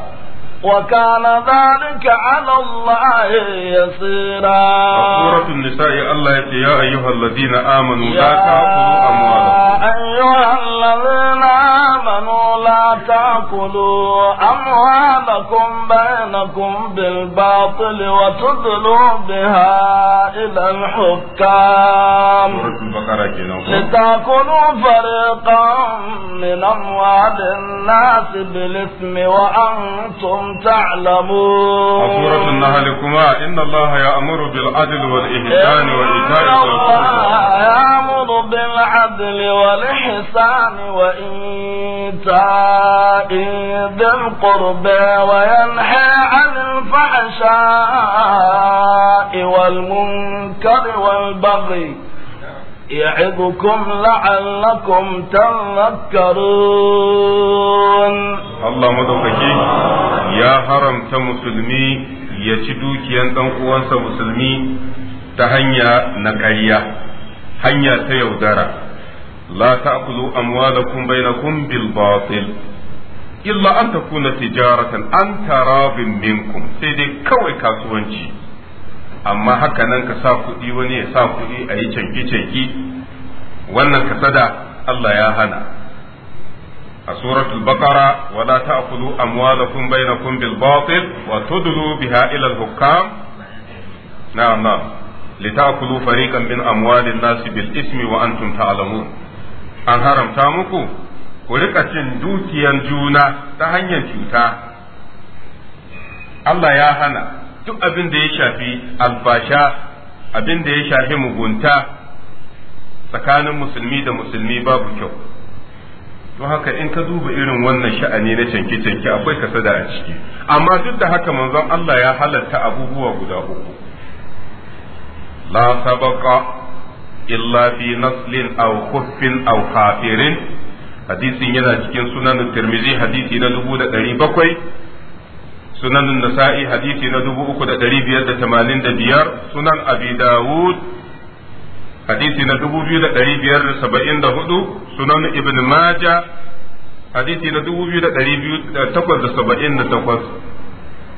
وكان ذلك على الله يسيرا سورة النساء الله يا أيها الذين آمنوا لا تأكلوا أموالكم أيها الذين آمنوا لا تأكلوا أموالكم بينكم بالباطل وتدلوا بها إلى الحكام لتأكلوا فريقا من أموال الناس بالإثم وأنتم تعلمون سورة النهل كما إن الله يأمر بالعدل والإحسان وإيتاء ذي القربى يأمر بالعدل والإحسان وإيتاء ذي القربى وينهى عن الفحشاء والمنكر والبغي يعظكم لعلكم تذكرون الله مدوكي يا حرم مسلمي يشدو كيان تنقوان مسلمي تهنيا نكريا هنيا تيودارا لا تأكلوا أموالكم بينكم بالباطل إلا أن تكون تجارة أن تراب منكم سيدي كوي كاسوانجي amma haka nan ka sa kuɗi wani ya sa kuɗi a yi canki-canki wannan kasada Allah ya hana a suratul baqara wala ta'kulu amwalakum bainakum bil batil wa tudlu biha ila al hukam na'am na'am litakulu fariqan min amwalin nasi bil ismi wa antum ta'lamun an haramta muku ku rika cin dukiyan juna ta hanyar cuta Allah ya hana duk abin da ya shafi albasha abin da ya shafi mugunta tsakanin musulmi da musulmi babu kyau don haka in ka duba irin wannan sha'ani na canke-canke akwai kasada a ciki amma duk da haka manzon Allah ya halatta abubuwa guda uku la sabaqa illa fi naslin aw khuffin aw hafirin hadisin yana cikin sunan tirmizi hadisi na bakwai. sunan nasa'i hadisi na 3585 sunan abi dawud hadisi na 2574 sunan ibn maja hadisi na 2878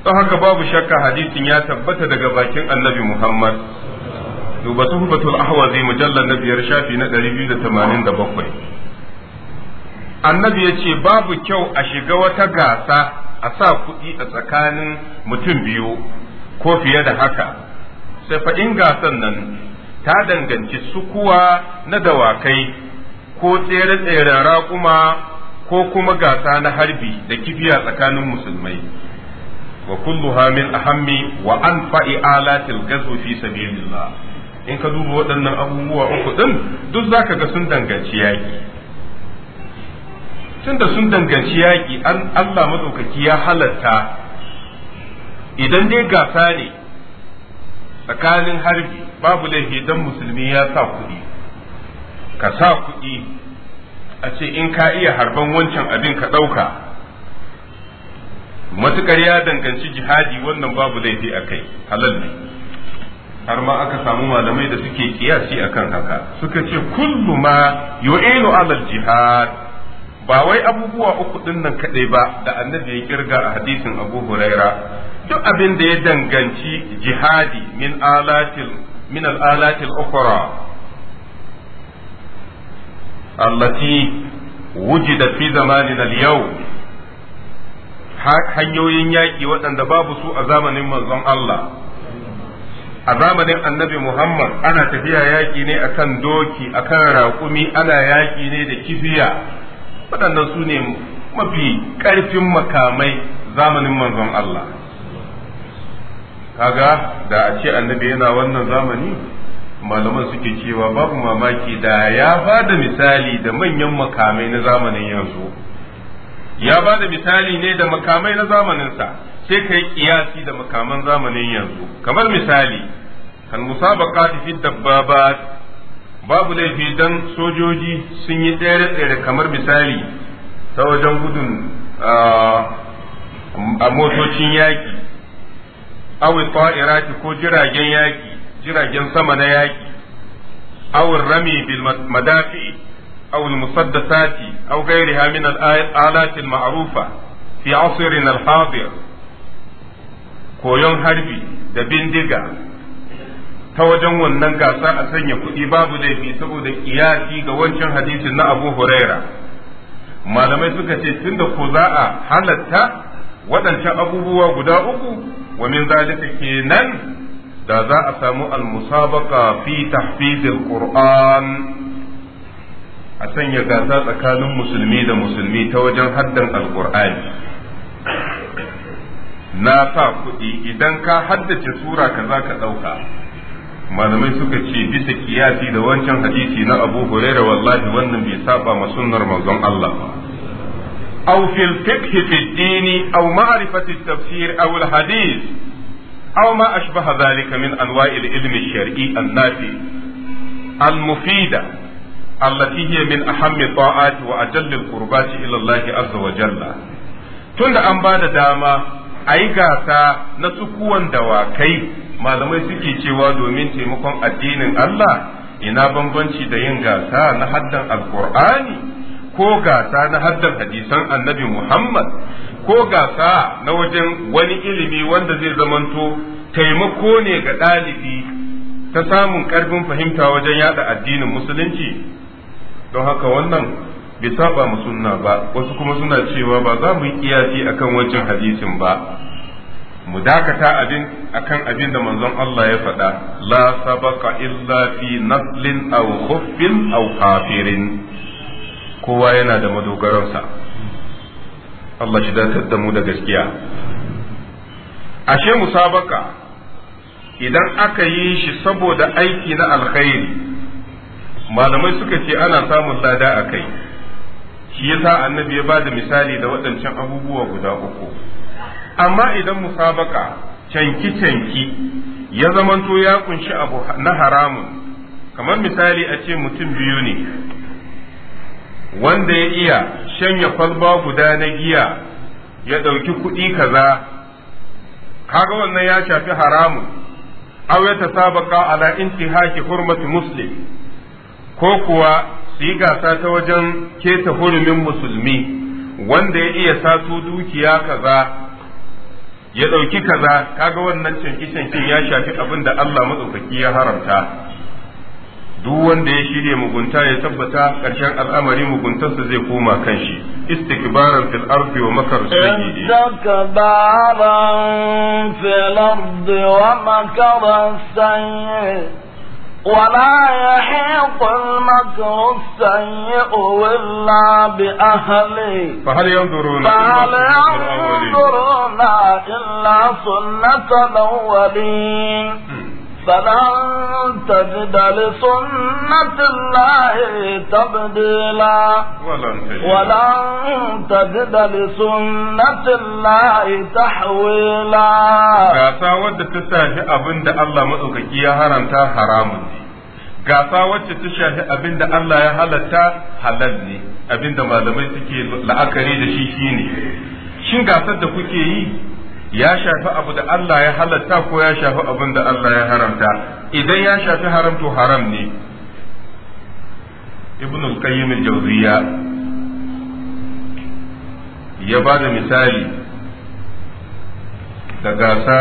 don haka babu shakka hadisin ya tabbata daga bakin annabi muhammad duba tuhfatul ahwazi mujallar na biyar shafi na 287 annabi ya ce babu kyau a shiga wata gasa a sa kuɗi a tsakanin mutum biyu ko fiye da haka sai fa gasan nan ta danganci sukuwa na dawakai ko tsere-tseren raƙuma ko kuma gasa na harbi da kibiya tsakanin musulmai wa kullu min ahammi wa anfa'i alatil gazwi fi sabilillah in ka duba waɗannan abubuwa uku ɗin duk zaka ga sun danganci yaƙi. tunda sun danganci yaƙi an Allah madaukaki ya halatta idan dai gasa ne tsakanin harbi babu laifi dan musulmi ya sa kuɗi ka sa kuɗi a ce in ka iya harban wancan abin ka ɗauka matukar ya danganci jihadi wannan babu laifi a kai halal ne har ma aka samu malamai da suke kiyasi akan haka suka ce kullu ma yu'inu alal jihad ba wai abubuwa uku din nan kaɗai ba da annabi ya kirga a hadisin abu huraira duk abin da ya danganci jihadi min alatil min al'alatil ukhra allati wujida fi zamanin al-yau hanyoyin yaƙi waɗanda babu su a zamanin manzon Allah a zamanin annabi Muhammad ana tafiya yaƙi ne akan doki akan raƙumi ana yaƙi ne da kibiya waɗannan su ne mafi ƙarfin makamai zamanin manzon Allah kaga da a ce annabi yana wannan zamani malaman suke cewa babu mamaki da ya ba da misali da manyan makamai na zamanin yanzu ya ba da misali ne da makamai na zamaninsa sai ka yi kiyasi da makaman zamanin yanzu kamar misali kan musabaqati fi dabbabat babu laifi dan sojoji sun yi tsere-tsere kamar misali ta wajen gudun a motocin yaƙi awin ko jiragen yaƙi jiragen sama na yaƙi awin rami bil madafi awin musaddasati aw gairiha min Alatin ma'arufa fi asirin al koyon harbi da bindiga ta wajen wannan gasa a sanya kuɗi babu laifi saboda kiyasi ga wancan hadisin na abu huraira malamai suka ce tunda ko za a halatta waɗancan abubuwa guda uku wa min zalika kenan da za a samu almusabaqa fi tahfizil qur'an a sanya gasa tsakanin musulmi da musulmi ta wajen haddan alqur'ani na sa kuɗi idan ka haddace sura za ka ɗauka malamai suka ce bisa kiyasi da wancan hadisi na abu huraira wallahi wannan bai saba ma sunnar manzon Allah ba aw fil fiqh fi dini aw ma'rifati tafsir aw al hadith aw ma ashbaha dhalika min anwa'i al ilm al shar'i an nafi al mufida allati hiya min ahammi ta'ati wa ajall al qurbati ila Allah azza jalla tunda an ba da dama ayi gasa na sukuwan dawakai malamai suke cewa domin taimakon addinin Allah ina bambanci da yin gasa na haddan alkur'ani ko gasa na haddan hadisan annabi Muhammad ko gasa na wajen wani ilimi wanda zai zamanto taimako ne ga ɗalibi ta samun ƙarfin fahimta wajen yada addinin musulunci don haka wannan bai saba mu ba wasu kuma suna cewa ba za mu yi iyaci akan wajen hadisin ba mu dakata abin akan abin da manzon Allah ya faɗa la sabaka illa fi naslin aw khuffin aw kafirin kowa yana da madogaransa Allah shi dakatar da mu da gaskiya ashe musabaka idan aka yi shi saboda aiki na alkhairi malamai suka ce ana samun lada a kai shi yasa annabi ya ba da misali da waɗancan abubuwa guda uku amma idan musabaka canki-canki ya zamanto ya kunshi abu na haramun kamar misali a ce mutum biyu ne wanda ya iya shanya kwalba guda na giya ya ɗauki kuɗi kaza kaga wannan ya shafi haramun aw ya tasabaka ala intihaki hurmati muslim ko kuwa su yi gasa ta wajen keta hurumin musulmi wanda ya iya sato dukiya kaza ya ɗauki kaza kaga wannan canke canki ya shafi abin da Allah matsaukaki ya haramta duk wanda ya shirya mugunta ya tabbata ƙarshen al'amari muguntarsa zai koma kan shi istikbaran fil wa makar sayyi istikbaran fil ardi wa makar sayyi ولا يحيط المكر السيء إلا بأهله فهل ينظرون فهل ينظرون إلا سنة الأولين فلن تجد لسنة الله تبديلا ولن تجد لسنة الله تحويلا gasa wadda ta shafi abin da Allah matsaukaki ya haranta haramun ne gasa wacce ta shafi abin da Allah ya halatta halal ne abin da malamai suke la'akari da shi shine shin gasar da kuke yi ya shafi abu da Allah ya halatta ko ya shafi abin da Allah ya haramta idan ya shafi haram to haram ne ibn al-qayyim al-jawziya ya ba da misali da gasa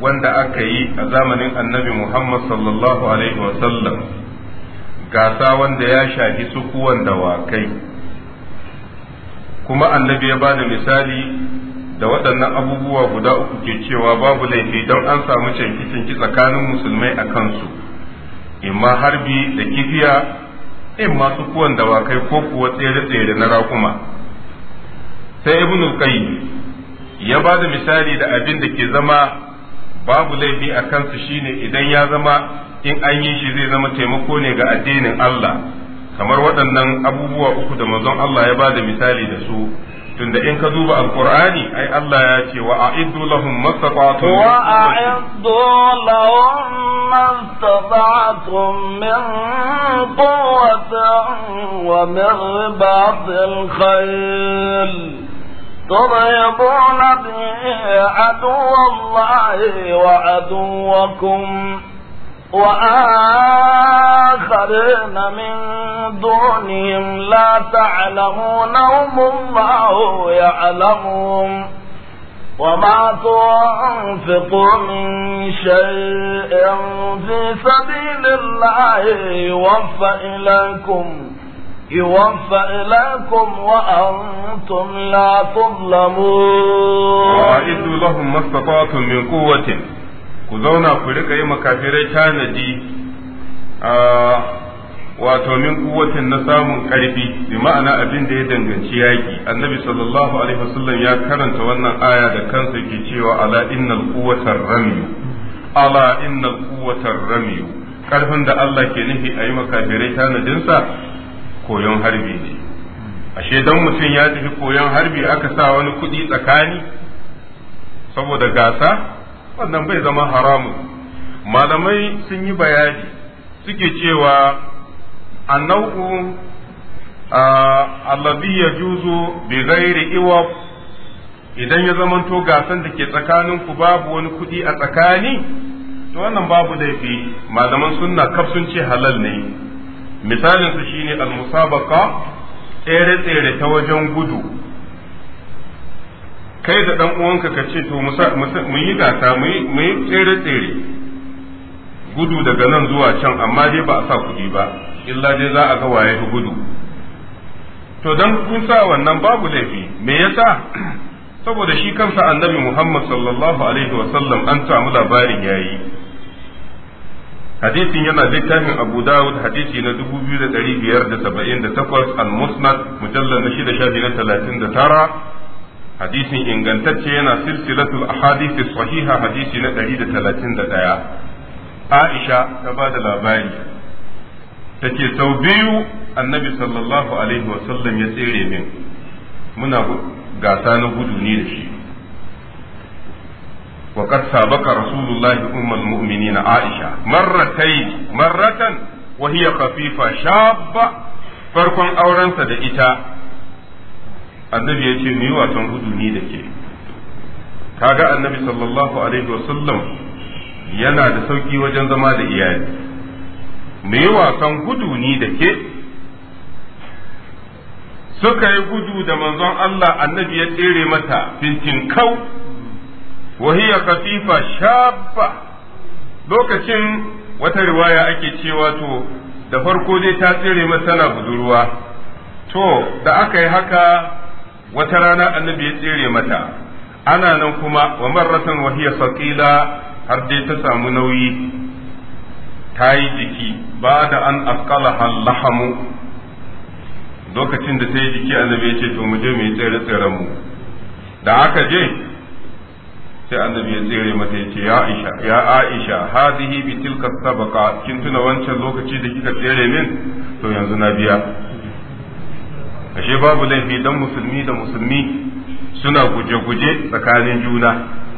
wanda aka yi a zamanin annabi Muhammad sallallahu alaihi gasa wanda ya shafi sukuwan dawakai kuma annabi ya ba da misali da waɗannan abubuwa guda uku ke cewa babu laifi don an samu canki-canki tsakanin musulmai a kansu imma harbi da kifiya imma su kuwan dawakai ko kuwa tsere-tsere na rakuma sai ibn qayyim ya ba da misali da abin da ke zama babu laifi a kansu shine idan ya zama in an yi shi zai zama taimako ne ga addinin Allah kamar waɗannan abubuwa uku da manzon Allah ya ba da misali da su tunda in ka duba alqur'ani ai Allah ya ce wa a'iddu lahum mastata'tum wa a'iddu lahum mastata'tum min quwwatin wa min ribatil khayl تضربون به عدو الله وعدوكم وآخرين من دونهم لا تعلمونهم الله يعلمهم وما تنفقوا من شيء في سبيل الله يوفى إليكم يوفى إليكم وأنتم لا تظلمون وأعدوا لهم ما استطعتم من قوة ku zauna ku rika yi makafirai tanadi a wato min kuwatin na samun karfi bi ma'ana abin da ya danganci yaƙi. annabi sallallahu alaihi wasallam ya karanta wannan aya da kansa ke cewa ala innal quwwata rami ala innal quwwata rami karfin da Allah ke nufi a yi makafirai tanadin sa koyon harbi ne ashe dan mutum ya tafi koyon harbi aka sa wani kuɗi tsakani saboda gasa wannan bai zama haramun malamai sun yi bayani suke cewa annau'u alladhi yajuzu bi ghairi iwab idan ya zamanto gasan da ke tsakanin ku babu wani kuɗi a tsakani to wannan babu laifi malaman sunna kaf sun ce halal ne misalin su shine al-musabaqa tsere tsere ta wajen gudu kai da dan uwanka ka ce to mu yi gasa mu yi tsere tsere gudu daga nan zuwa can amma dai ba a sa kuɗi ba illa dai za a ga waye gudu to dan kun sa wannan babu laifi me yasa [CLEARS THROAT] saboda shi kansa annabi Muhammad sallallahu alaihi wa sallam an samu labarin yayi hadisin yana littafin Abu Dawud hadisi na 2578 al-Musnad mujallal na hadisin ingantacce yana silsilatul ahadith sahiha hadisi na ɗaya. Aisha ta ba da labari take sau biyu annabi sallallahu alaihi wasallam ya tsere min muna gasa na gudu ne da shi وقد سابق رسول الله أم المؤمنين عائشة مرتين مرة وهي خفيفة شابة فرق أورنت da ita. annabi ya ce ni wasan gudu ni da ke kaga annabi sallallahu alaihi wasallam yana da sauki wajen zama da iyali me wasan gudu ni da ke suka yi gudu da manzon Allah annabi ya tsere mata fintin kau wahiya katifa shabba lokacin wata riwaya ake cewa to da farko dai ta tsere mata tana budurwa to da aka yi haka wata rana annabi ya tsere mata ana nan kuma wa marratan wa hiya har dai ta samu nauyi ta yi jiki ba da an asqalaha lahamu lokacin da ta yi jiki annabi ya ce to mu je mu yi tsere tsere mu da aka je sai annabi ya tsere mata ya ce ya aisha ya aisha hadihi bi tilka sabaqa kin tuna wancan lokaci da kika tsere min to yanzu na biya ashe babu laifi dan musulmi da musulmi suna guje-guje tsakanin juna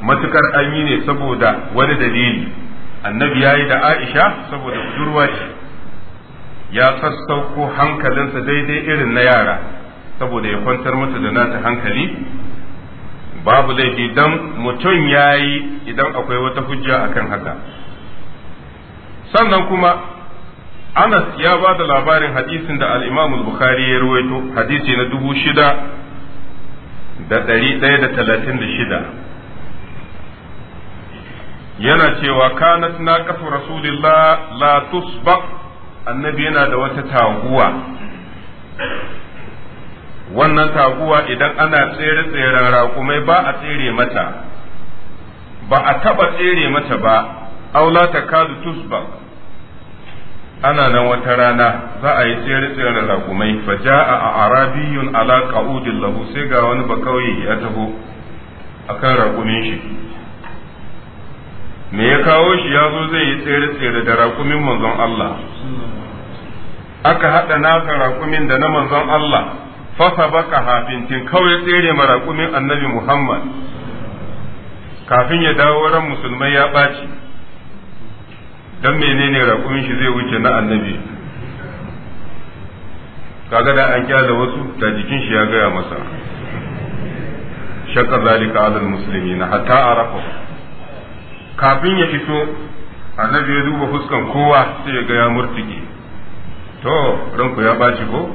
matukar an yi ne saboda wani dalili annabi ya yi da aisha saboda budurwa ce ya sassauko hankalinsa daidai irin na yara saboda ya kwantar mata da nata hankali babu laifi dan mutum ya yi idan akwai wata hujja akan haka sannan kuma Anas ya ba da labarin hadisin da al bukhari ya ruwaito hadisi na dubu shida da ɗari ɗaya da talatin da shida yana cewa kanat na kafa rasulillah la tusbaq annabi yana da wata taguwa wannan taguwa idan ana tsere tseren raƙumai ba a tsere mata ba a taɓa tsere mata ba aula ta kazu tusbaq ana nan wata rana za a yi tsere tsere ragumai fa ja'a a arabiyun ala ka'udin lahu sai ga wani bakauye ya taho a kan ragumin shi me ya kawo shi ya zo zai yi tsere-tsere da rakumin manzon Allah aka haɗa naka raƙumin da na manzon Allah fasa baka hafintin kawai tsere ma raƙumin annabi Muhammad kafin ya dawo ran musulmai ya ɓaci don menene raƙumin shi zai wuce na annabi kaga da an kyala wasu da jikin shi ya gaya masa shakka zalika alal musulmi na hatta arafa kafin ya fito annabi ya duba fuskan kowa sai ya gaya murtiki to ranku ya baci ko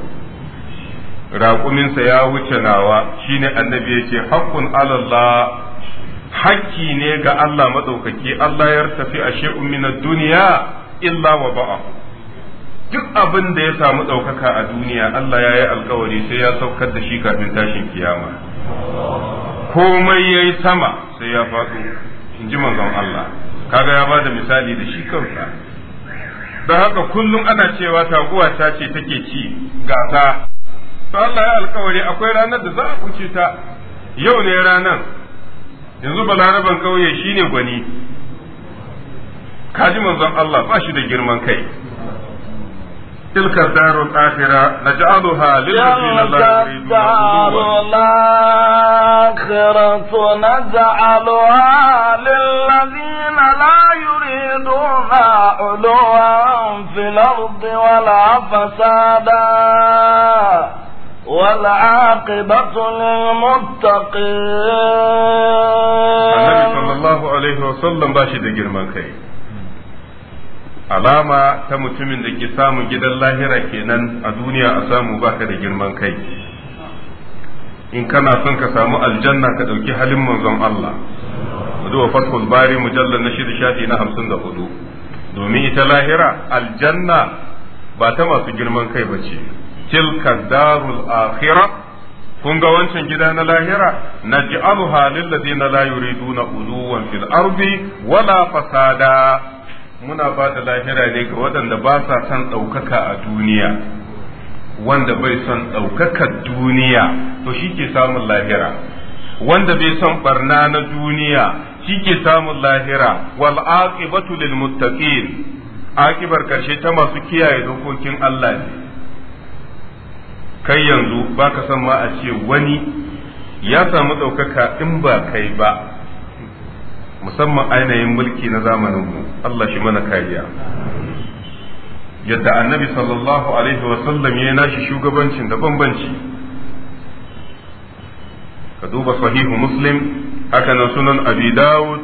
raƙuminsa ya wuce nawa shine annabi yake haƙƙun alallah hakki ne ga Allah maɗaukaki Allah ya tafi a she'un minad duniya illa wa ba'a duk abin da ya samu ɗaukaka a duniya Allah ya yi alkawari sai ya saukar da shi kafin tashin kiyama komai ya yi sama sai ya faɗo in ji manzon Allah kaga ya ba da misali da shi kansa da haka kullum ana cewa taguwa ta ce take ci gasa to Allah ya alkawari akwai ranar da za a kuce ta yau ne ranar yanzu balaraban kauye shine gwani kaji manzon Allah ba shi da girman kai تلك الدار الآخرة نجعلها للذين لا يريدون الدار الآخرة نجعلها للذين لا يريدون علوا في الأرض ولا فسادا والعاقبة للمتقين النبي صلى الله عليه وسلم باشي دا جرمان كي alama ta mutumin da ke samun gidan lahira kenan a duniya a samu baka da girman kai in kana son ka samu aljanna ka ɗauki halin manzon Allah zuwa fathul bari mujallar na shida shafi na hamsin da hudu domin ita lahira aljanna ba ta masu girman kai ba ce tilka darul akhira kun ga wancan gida na lahira naj'aluha lil na layuri yuriduna uluwan fil ardi wala fasada muna ba da lahira ne ga waɗanda ba sa son ɗaukaka a duniya wanda bai son ɗaukakar duniya to shi ke samun lahira wanda bai son barna na duniya shi ke samun lahira wal aqibatu lil muttaqin aqibar karshe ta masu kiyaye dokokin Allah ne kai yanzu ba ka san ma a ce wani ya samu ɗaukaka in ba kai ba musamman ainihin mulki na zamaninmu Allah shi mana kariya yadda annabi sallallahu alaihi wasallam ya nashi shugabancin da bambanci ka duba sahihu muslim haka na sunan abi dawud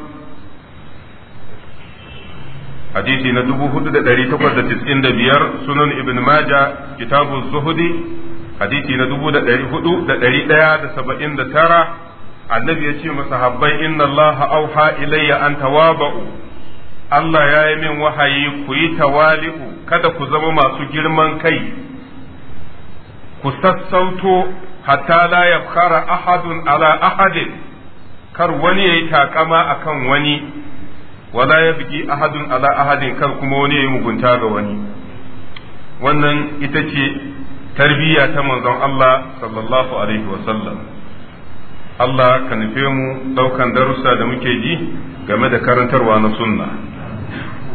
hadisi na 4895 sunan Ibin maja kitabu zuhudi hadisi na dubu da ɗari hudu da ɗari ɗaya da saba'in da tara annabi ya ce masahabbai inna Allah auha ilayya an tawaba'u Allah ya yi min wahayi ku yi tawali'u kada ku zama masu girman kai ku sassauto hatta la yabkhara ahadun ala ahadin kar wani yayi takama akan wani wala ya biki ahadun ala ahadin kar kuma wani ya yayi mugunta ga wani wannan ita ce tarbiyya ta manzon Allah sallallahu alaihi wa sallam. Allah ka nufe mu ɗaukan darussa da muke ji game da karantarwa na sunna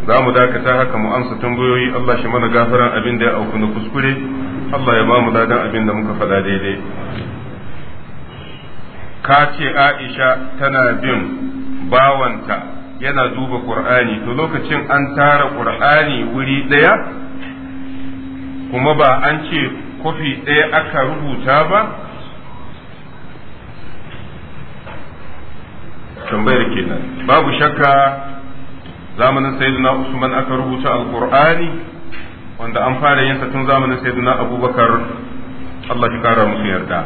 za mu dakata haka mu amsa tambayoyi Allah shi mana gafaran abin da ya auku na kuskure Allah ya bamu mu dadan abin da muka faɗa daidai ka ce Aisha tana bin bawanta yana duba Qur'ani to lokacin an tara Qur'ani wuri ɗaya kuma ba an ce kofi ɗaya aka rubuta ba tambayar kenan babu shakka zamanin sayyidina usman aka rubuta alkur'ani wanda an fara yin tun zamanin sayyidina abubakar allah ya kara musu yarda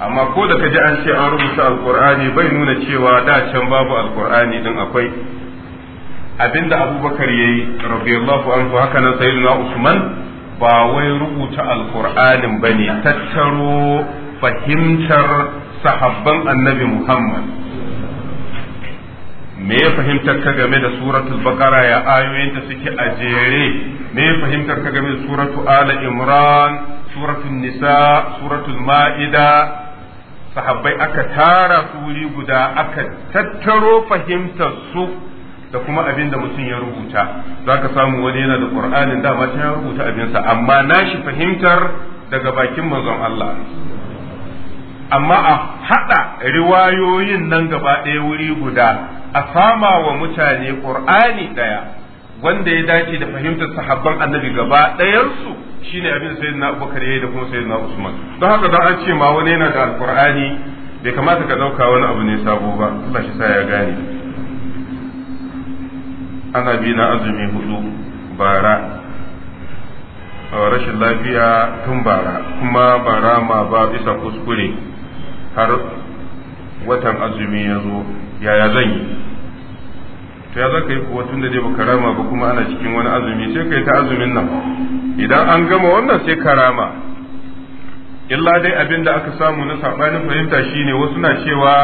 amma ko da ka ji an ce an rubuta alkur'ani bai nuna cewa da can babu alkur'ani din akwai abinda abubakar ya yi rabiyallahu anhu haka nan sayyidina usman ba wai rubuta alkur'anin ba ne tattaro fahimtar sahabban annabi muhammad me ya fahimtar ka game da suratul baqara ya da suke a jere me ya fahimtar ka game da suratul ala imran suratul nisa suratul ma'ida sahabbai aka tara su wuri guda aka tattaro fahimtar su da kuma abin da mutum ya rubuta za ka samu wani yana da ƙur'anin dama ta ya rubuta abinsa amma na shi fahimtar daga bakin manzon Allah amma a haɗa riwayoyin nan gaba ɗaya wuri guda a sama wa mutane ƙur'ani ɗaya wanda ya dace da fahimtar sahabban annabi gaba ɗayansu shine abin da na Abubakar yi da kuma na Usman don haka don an ce ma wani yana da alƙur'ani bai kamata ka ɗauka wani abu ne sabo ba Allah shi sa ya gane ana bi na azumi hudu bara rashin lafiya tun bara kuma bara ma ba bisa kuskure har watan azumi ya zo yaya zan yi to ya zaka yi kuwa tun da ba karama ba kuma ana cikin wani azumi sai ka ta azumin nan idan an gama wannan sai karama illa dai abin da aka samu na saɓanin fahimta shine wasu na cewa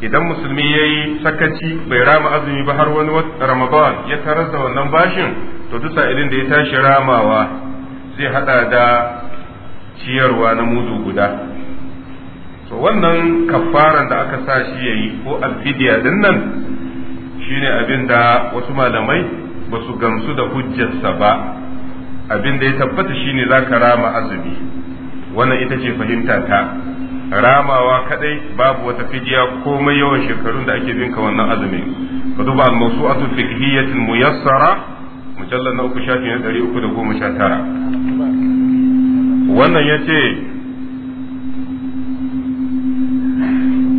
idan musulmi ya yi sakaci bai rama azumi ba har wani ramadan ya tarar da wannan bashin to duk sa'ilin da ya tashi ramawa zai hada da ciyarwa na mudu guda to wannan kafaran da aka sa shi ya yi ko alfidiya din nan shi ne abin da wasu malamai ba su gamsu da hujjarsa ba abin da ya tabbata shine za ka rama azumi wannan ita ce fahimta ta ramawa kadai babu wata fidiya komai yawan shekarun da ake binka wannan azumi fa duba al-mawsu'atu al muyassara mujallal na uku shafi na 319 wannan yace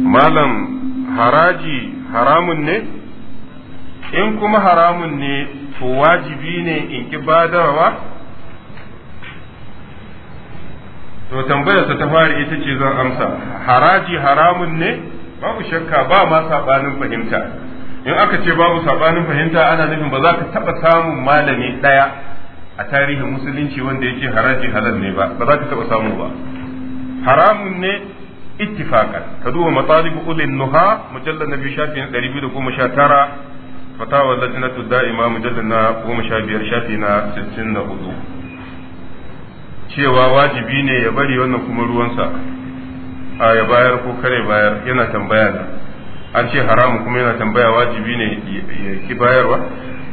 malam haraji haramun ne in kuma haramun ne to wajibi ne in ki badarwa to tambayarsa ta fari ita ce zan amsa haraji haramun ne babu shakka ba ma sabanin fahimta in aka ce babu sabanin fahimta ana nufin ba za ka taba samun malami daya a tarihin musulunci wanda yake haraji halal ne ba ba za ka taba samu ba haramun ne ittifaqan ka duba matalib ulin nuha mujallal nabi shafi 219 fatawa lajnatu da'ima mujallal na 15 shafi na 64 cewa wajibi ne ya bari wannan kuma ruwansa a ya bayar ko kare bayar yana tambaya da an ce haramun kuma yana tambaya wajibi ne ya ki bayarwa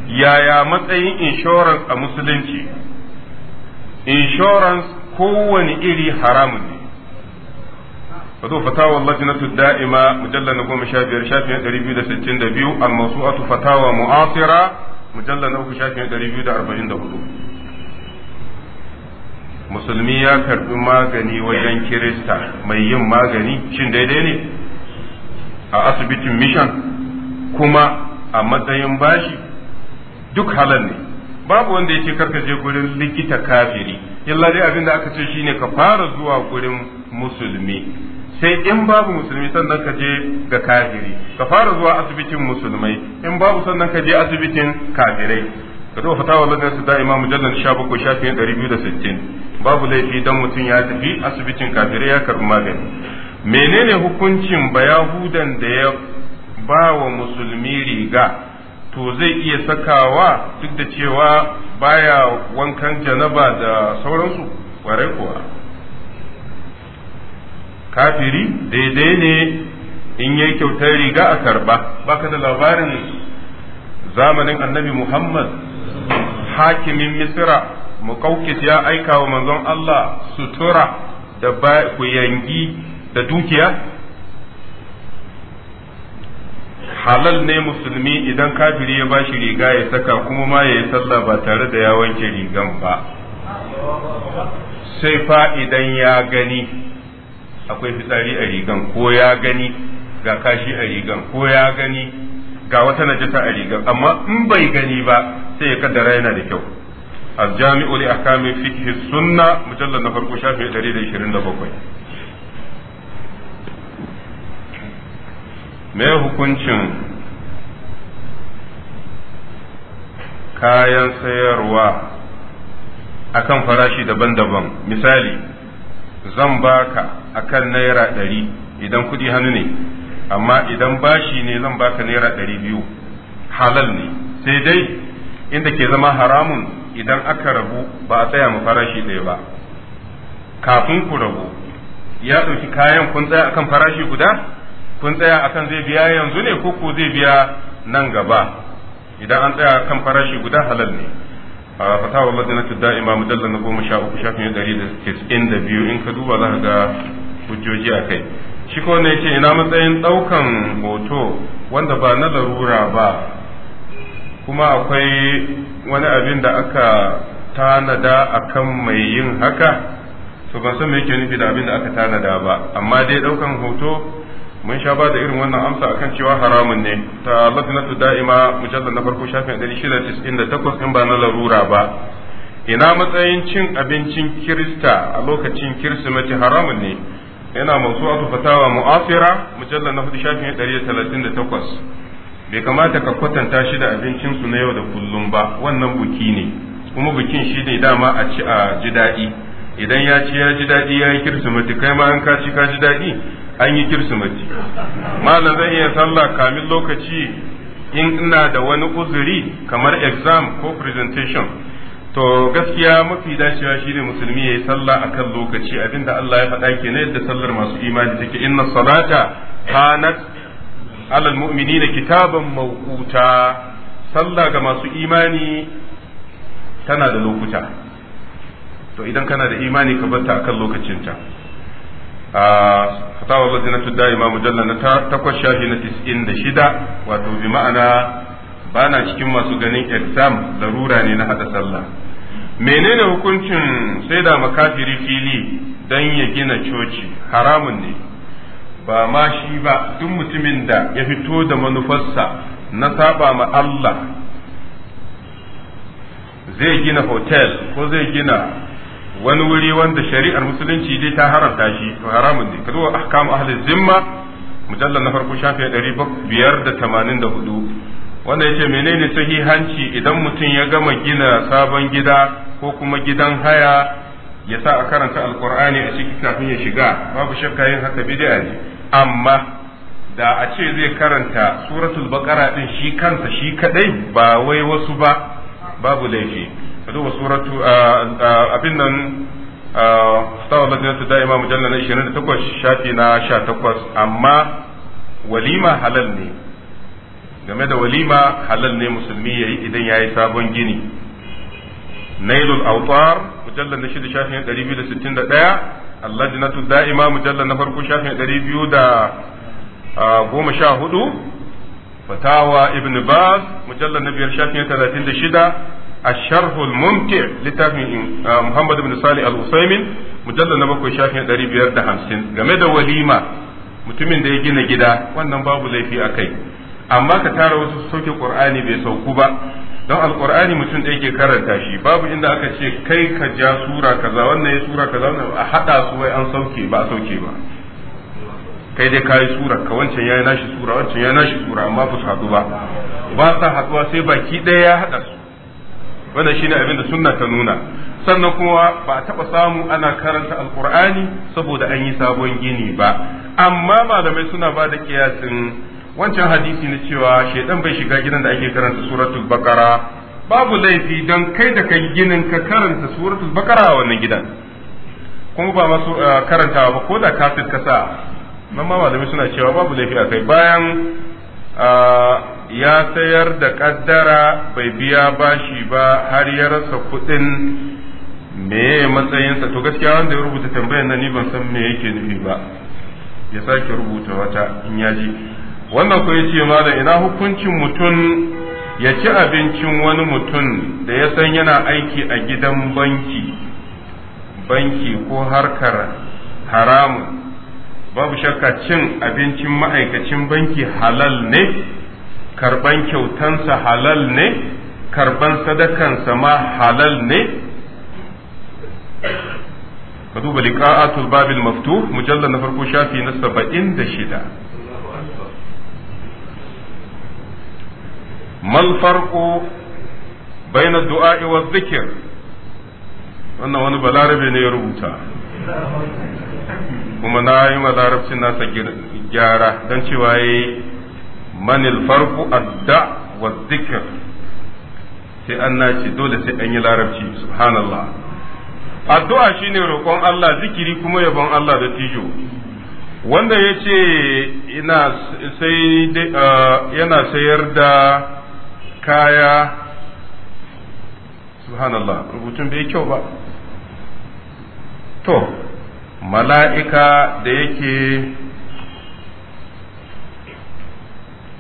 yaya matsayin insurance a musulunci insurance kowane iri haramun ne wato fatawa lajnatu da'ima mujallar na goma sha biyar shafin ɗari biyu da sittin da biyu al-masu'atu fatawa mu'asira mujallar na uku shafin ɗari biyu da arba'in da hudu musulmi ya karbi magani wajen kirista mai yin magani shin daidai ne a asibitin mission kuma a matsayin bashi duk halal ne babu wanda ya ce karka je gurin likita kafiri illa dai abin da aka ce shine ka fara zuwa gurin musulmi sai in babu musulmi sannan ka je ga kafiri ka fara zuwa asibitin musulmai in babu sannan ka je asibitin kafirai ka zo fatawa ladan su da imamu jallan sha bakwai sha fiye ɗari biyu da sittin babu laifi dan mutum ya tafi asibitin kafirai ya karɓi magani menene hukuncin bayahudan da ya ba wa musulmi riga to zai iya sakawa duk da cewa baya wankan janaba da sauransu kwarai kuwa kafiri daidai ne in yi kyautar riga a karba baka da labarin zamanin annabi muhammad hakimin misira mukaukis ya aika wa manzon Allah sutura da yangi da dukiya halal ne musulmi idan kafiri ya bashi riga ya saka kuma ma ya yi sallah ba tare da ya wanke rigan ba sai fa idan ya gani akwai fitsari a rigan ko ya gani ga kashi a rigan ko ya gani ga wata najasa a rigan amma in bai gani ba sai ya kaddara yana da kyau aljami'u li ahkami fiqh sunna mujallad na farko shafi 127 me hukuncin kayan sayarwa akan farashi daban-daban misali zan baka akan naira 100 idan kudi hannu ne amma idan bashi ne zan baka naira ɗari biyu halal ne sai dai inda ke zama haramun idan aka rabu ba a tsaya mu farashi ɗaya ba kafin ku rabu ya ɗauki kayan kun tsaya akan farashi guda kun tsaya akan zai biya yanzu ne ko ko zai biya nan gaba idan an tsaya akan farashi guda halal ne a fatawa madinatu da'ima dalla na goma sha uku shafin ɗari da tis'in da biyu in ka duba za ka ga hujjoji a kai shi ko ne ce ina matsayin ɗaukan hoto wanda ba na larura ba kuma akwai wani abin da aka tanada a kan mai yin haka to ban san me yake nufi da abin da aka tanada ba amma dai daukan hoto mun sha ba da irin wannan amsa akan cewa haramun ne ta latinatu da'ima mujallar na farko shafin ɗari shida da takwas in ba na larura ba ina matsayin cin abincin kirista a lokacin kirsimeti haramun ne yana masu tufatawa mu'asira mujallar na hudu shafin ɗari da talatin takwas. bai kamata ka kwatanta shi da abincinsu na yau da kullum ba wannan buki ne kuma bukin shi ne dama a ci a ji daɗi idan ya ci ya ji daɗi ya yi kirsimeti kai ma an ka ci ka ji daɗi an yi kirsimeti malam zan iya sallah kamin lokaci in ina da wani uzuri kamar exam ko presentation to gaskiya mafi dacewa shine musulmi ya yi sallah akan lokaci abinda Allah ya faɗa ke na yadda sallar masu imani take inna salata kanat alal mu'minina kitaban mawquta sallah ga masu imani tana da lokuta to idan kana da imani ka batta akan lokacinta fatawa bazinatu da'ima mujalla na takwas shafi na tis'in da shida wato bi ma'ana ba na cikin masu ganin exam larura ne na hada sallah menene hukuncin sai da makafiri fili dan ya gina coci haramun ne ba ma shi ba duk mutumin da ya fito da manufarsa na saba ma Allah zai gina hotel ko zai gina wani wuri wanda shari'ar musulunci dai ta haramta shi to haramun ne kazo ahkam ahli zimma mujallar na farko shafi hudu. wanda yace menene sahihanci idan mutum ya gama gina sabon gida ko kuma gidan haya ya sa a karanta alkur'ani a ciki kafin ya shiga babu shakka yin haka bid'a ne amma da a ce zai karanta suratul baqara din shi kansa shi kadai ba wai wasu ba babu laifi ka duba suratu abin nan stawar latinatu da'ima mujallar na 28 shafi na 18 amma walima halal ne game da walima halal ne musulmi ya yi idan ya yi sabon gini nailul autar mujallar na 6 shafi na 261 اللجنة الدائمة مجلد نفر كشاف قريب يودا قوم شاهدوا فتاوى ابن باز مجلد نبي شاف 36 الشرح الممتع لتاف محمد بن صالح الأصيمين مجلد نبر كشاف قريب يرد همسين جمد وليمة mutumin da ya gina gida wannan babu laifi a kai amma ka tara wasu sauke qur'ani bai sauku ba don alkur'ani mutum ɗaya ke karanta shi babu inda aka ce kai ka ja sura kaza wannan ya sura kaza wannan a haɗa su wai an sauke ba a sauke ba kai dai kayi sura ka wancan yayi nashi sura wancan yayi nashi sura amma ba su haɗu ba ba sa haɗuwa sai baki ɗaya ya haɗa su wannan shine abin da sunna ta nuna sannan kuma ba a taɓa samu ana karanta alkur'ani saboda an yi sabon gini ba amma malamai suna ba da kiyasin wancan hadisi na cewa shaidan bai shiga gidan da ake karanta suratul bakara babu laifi don kai da kai ginin ka karanta suratul bakara a wannan gidan kuma ba masu eh, karantawa ba ko da kafin ka sa nan ma malami suna cewa babu laifi a kai bayan eh, ya sayar da kaddara bai biya bashi ba har ya rasa kuɗin me matsayinsa to gaskiya wanda ya rubuta tambayar nan ni ban san me yake nufi ba ya sake rubuta wata in ya ji wannan ko yace da ina hukuncin mutum ya ci abincin wani mutum da ya san yana aiki a gidan banki banki ko harkar haramun babu shakka cin abincin ma'aikacin banki halal ne karban kyautansa halal ne karban sadakansa ma halal ne ka duba liqa'atul babil maftuh na farko shafi na shida. ما الفرق بين du'a'i wa zikir wannan wani balarabe ne ya rubuta kuma na yi malarabcin nasa gyara don cewa yi manil farko adda wa zikir sai an nace dole sai an yi larabci subhanallah addu'a shine roƙon Allah zikiri kuma yabon Allah da tijo wanda ya ce yana sayar da kaya subhanallah rubutun bai kyau ba to mala'ika da yake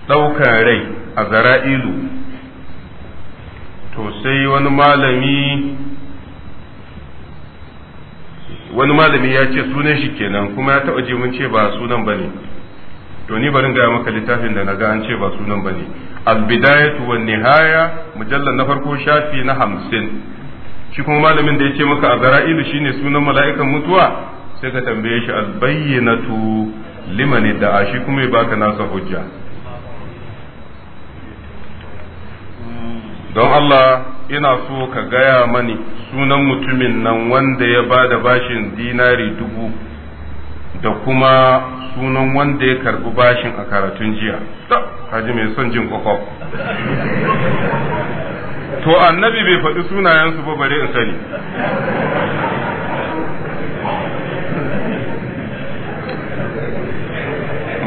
ɗaukar rai a zara'ilu to sai wani malami wani malami ya ce sunan shi kenan kuma ya taɓa mun ce ba sunan ba ne to ni barin gaya maka littafin da naga an ce ba sunan ba ne albidayatu wa nihaya mujallar na farko shafi na hamsin shi kuma malamin da ya ce maka azra'ilu shine sunan mala'ikan mutuwa sai ka tambaye shi limani liman da'a shi kuma ya baka nasa hujja don Allah ina so ka gaya mani sunan mutumin nan wanda ya bada bashin dinari dubu da kuma sunan wanda ya karbi bashin a karatun jiya haji mai son jin kwakwaf to annabi bai faɗi sunayensu ba bare in sani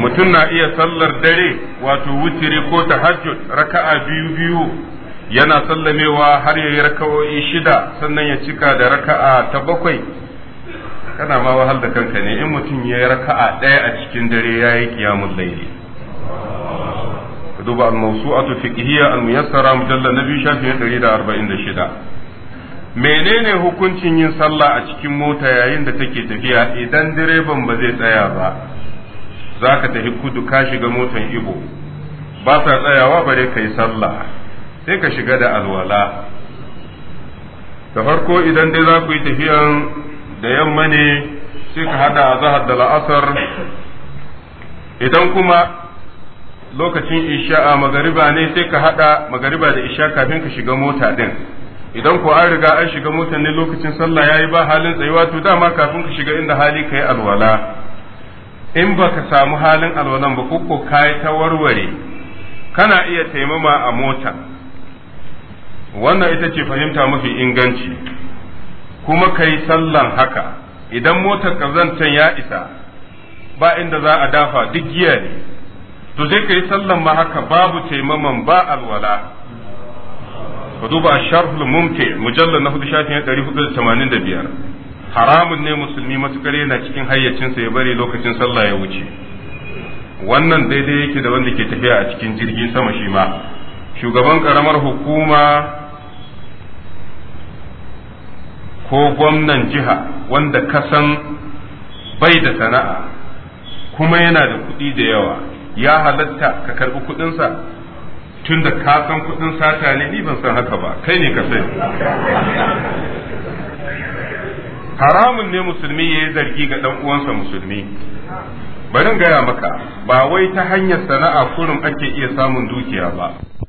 mutum na iya sallar dare wato wutiri ko tahajjud raka'a biyu biyu yana sallamewa har yayi raka'o'i shida sannan ya cika da raka'a ta bakwai kana ma wahal da kanka ne in mutum ya yi raka'a ɗaya a cikin dare ya yi kiyamun laili ka duba al-mawsu'atu fiqhiyya al-muyassara mujallal na biyu shafi shida. menene hukuncin yin sallah a cikin mota yayin da take tafiya idan direban ba zai tsaya ba ka tafi kudu ka shiga motan ibo ba sa tsayawa bare kai sallah sai ka shiga da alwala da farko idan dai za ku yi tafiyan da yamma ne sai ka hada zahar da la'asar idan kuma lokacin isha'a magariba ne sai ka hada magariba da isha kafin ka shiga mota din idan ko an riga an shiga mota ne lokacin sallah yayi ba halin tsayuwa to dama kafin ka shiga inda hali kai alwala in ba ka samu halin alwalan ba ko kai ta warware kana iya taimama a mota wannan ita ce fahimta mafi inganci kuma ka yi sallan haka idan motar kazantan ya isa ba inda za a dafa duk giya ne to sai ka yi sallan ma haka babu taimaman ba alwala ka duba a sharhul mumti mujallar na hudu shafin ɗari hudu tamanin da biyar haramun ne musulmi matuƙar yana cikin hayyacinsa ya bari lokacin sallah ya wuce wannan daidai yake da wanda ke tafiya a cikin jirgin sama shi ma shugaban karamar hukuma ko gwamnan jiha wanda kasan bai da sana'a kuma yana da kuɗi da yawa ya halatta ka karɓi kuɗinsa tun da ka san kuɗin sata ne ni ban san haka ba kai ne ka sani haramun ne musulmi ya yi zargi ga ɗan uwansa musulmi barin gaya maka ba wai ta hanyar sana'a kurum ake iya samun dukiya ba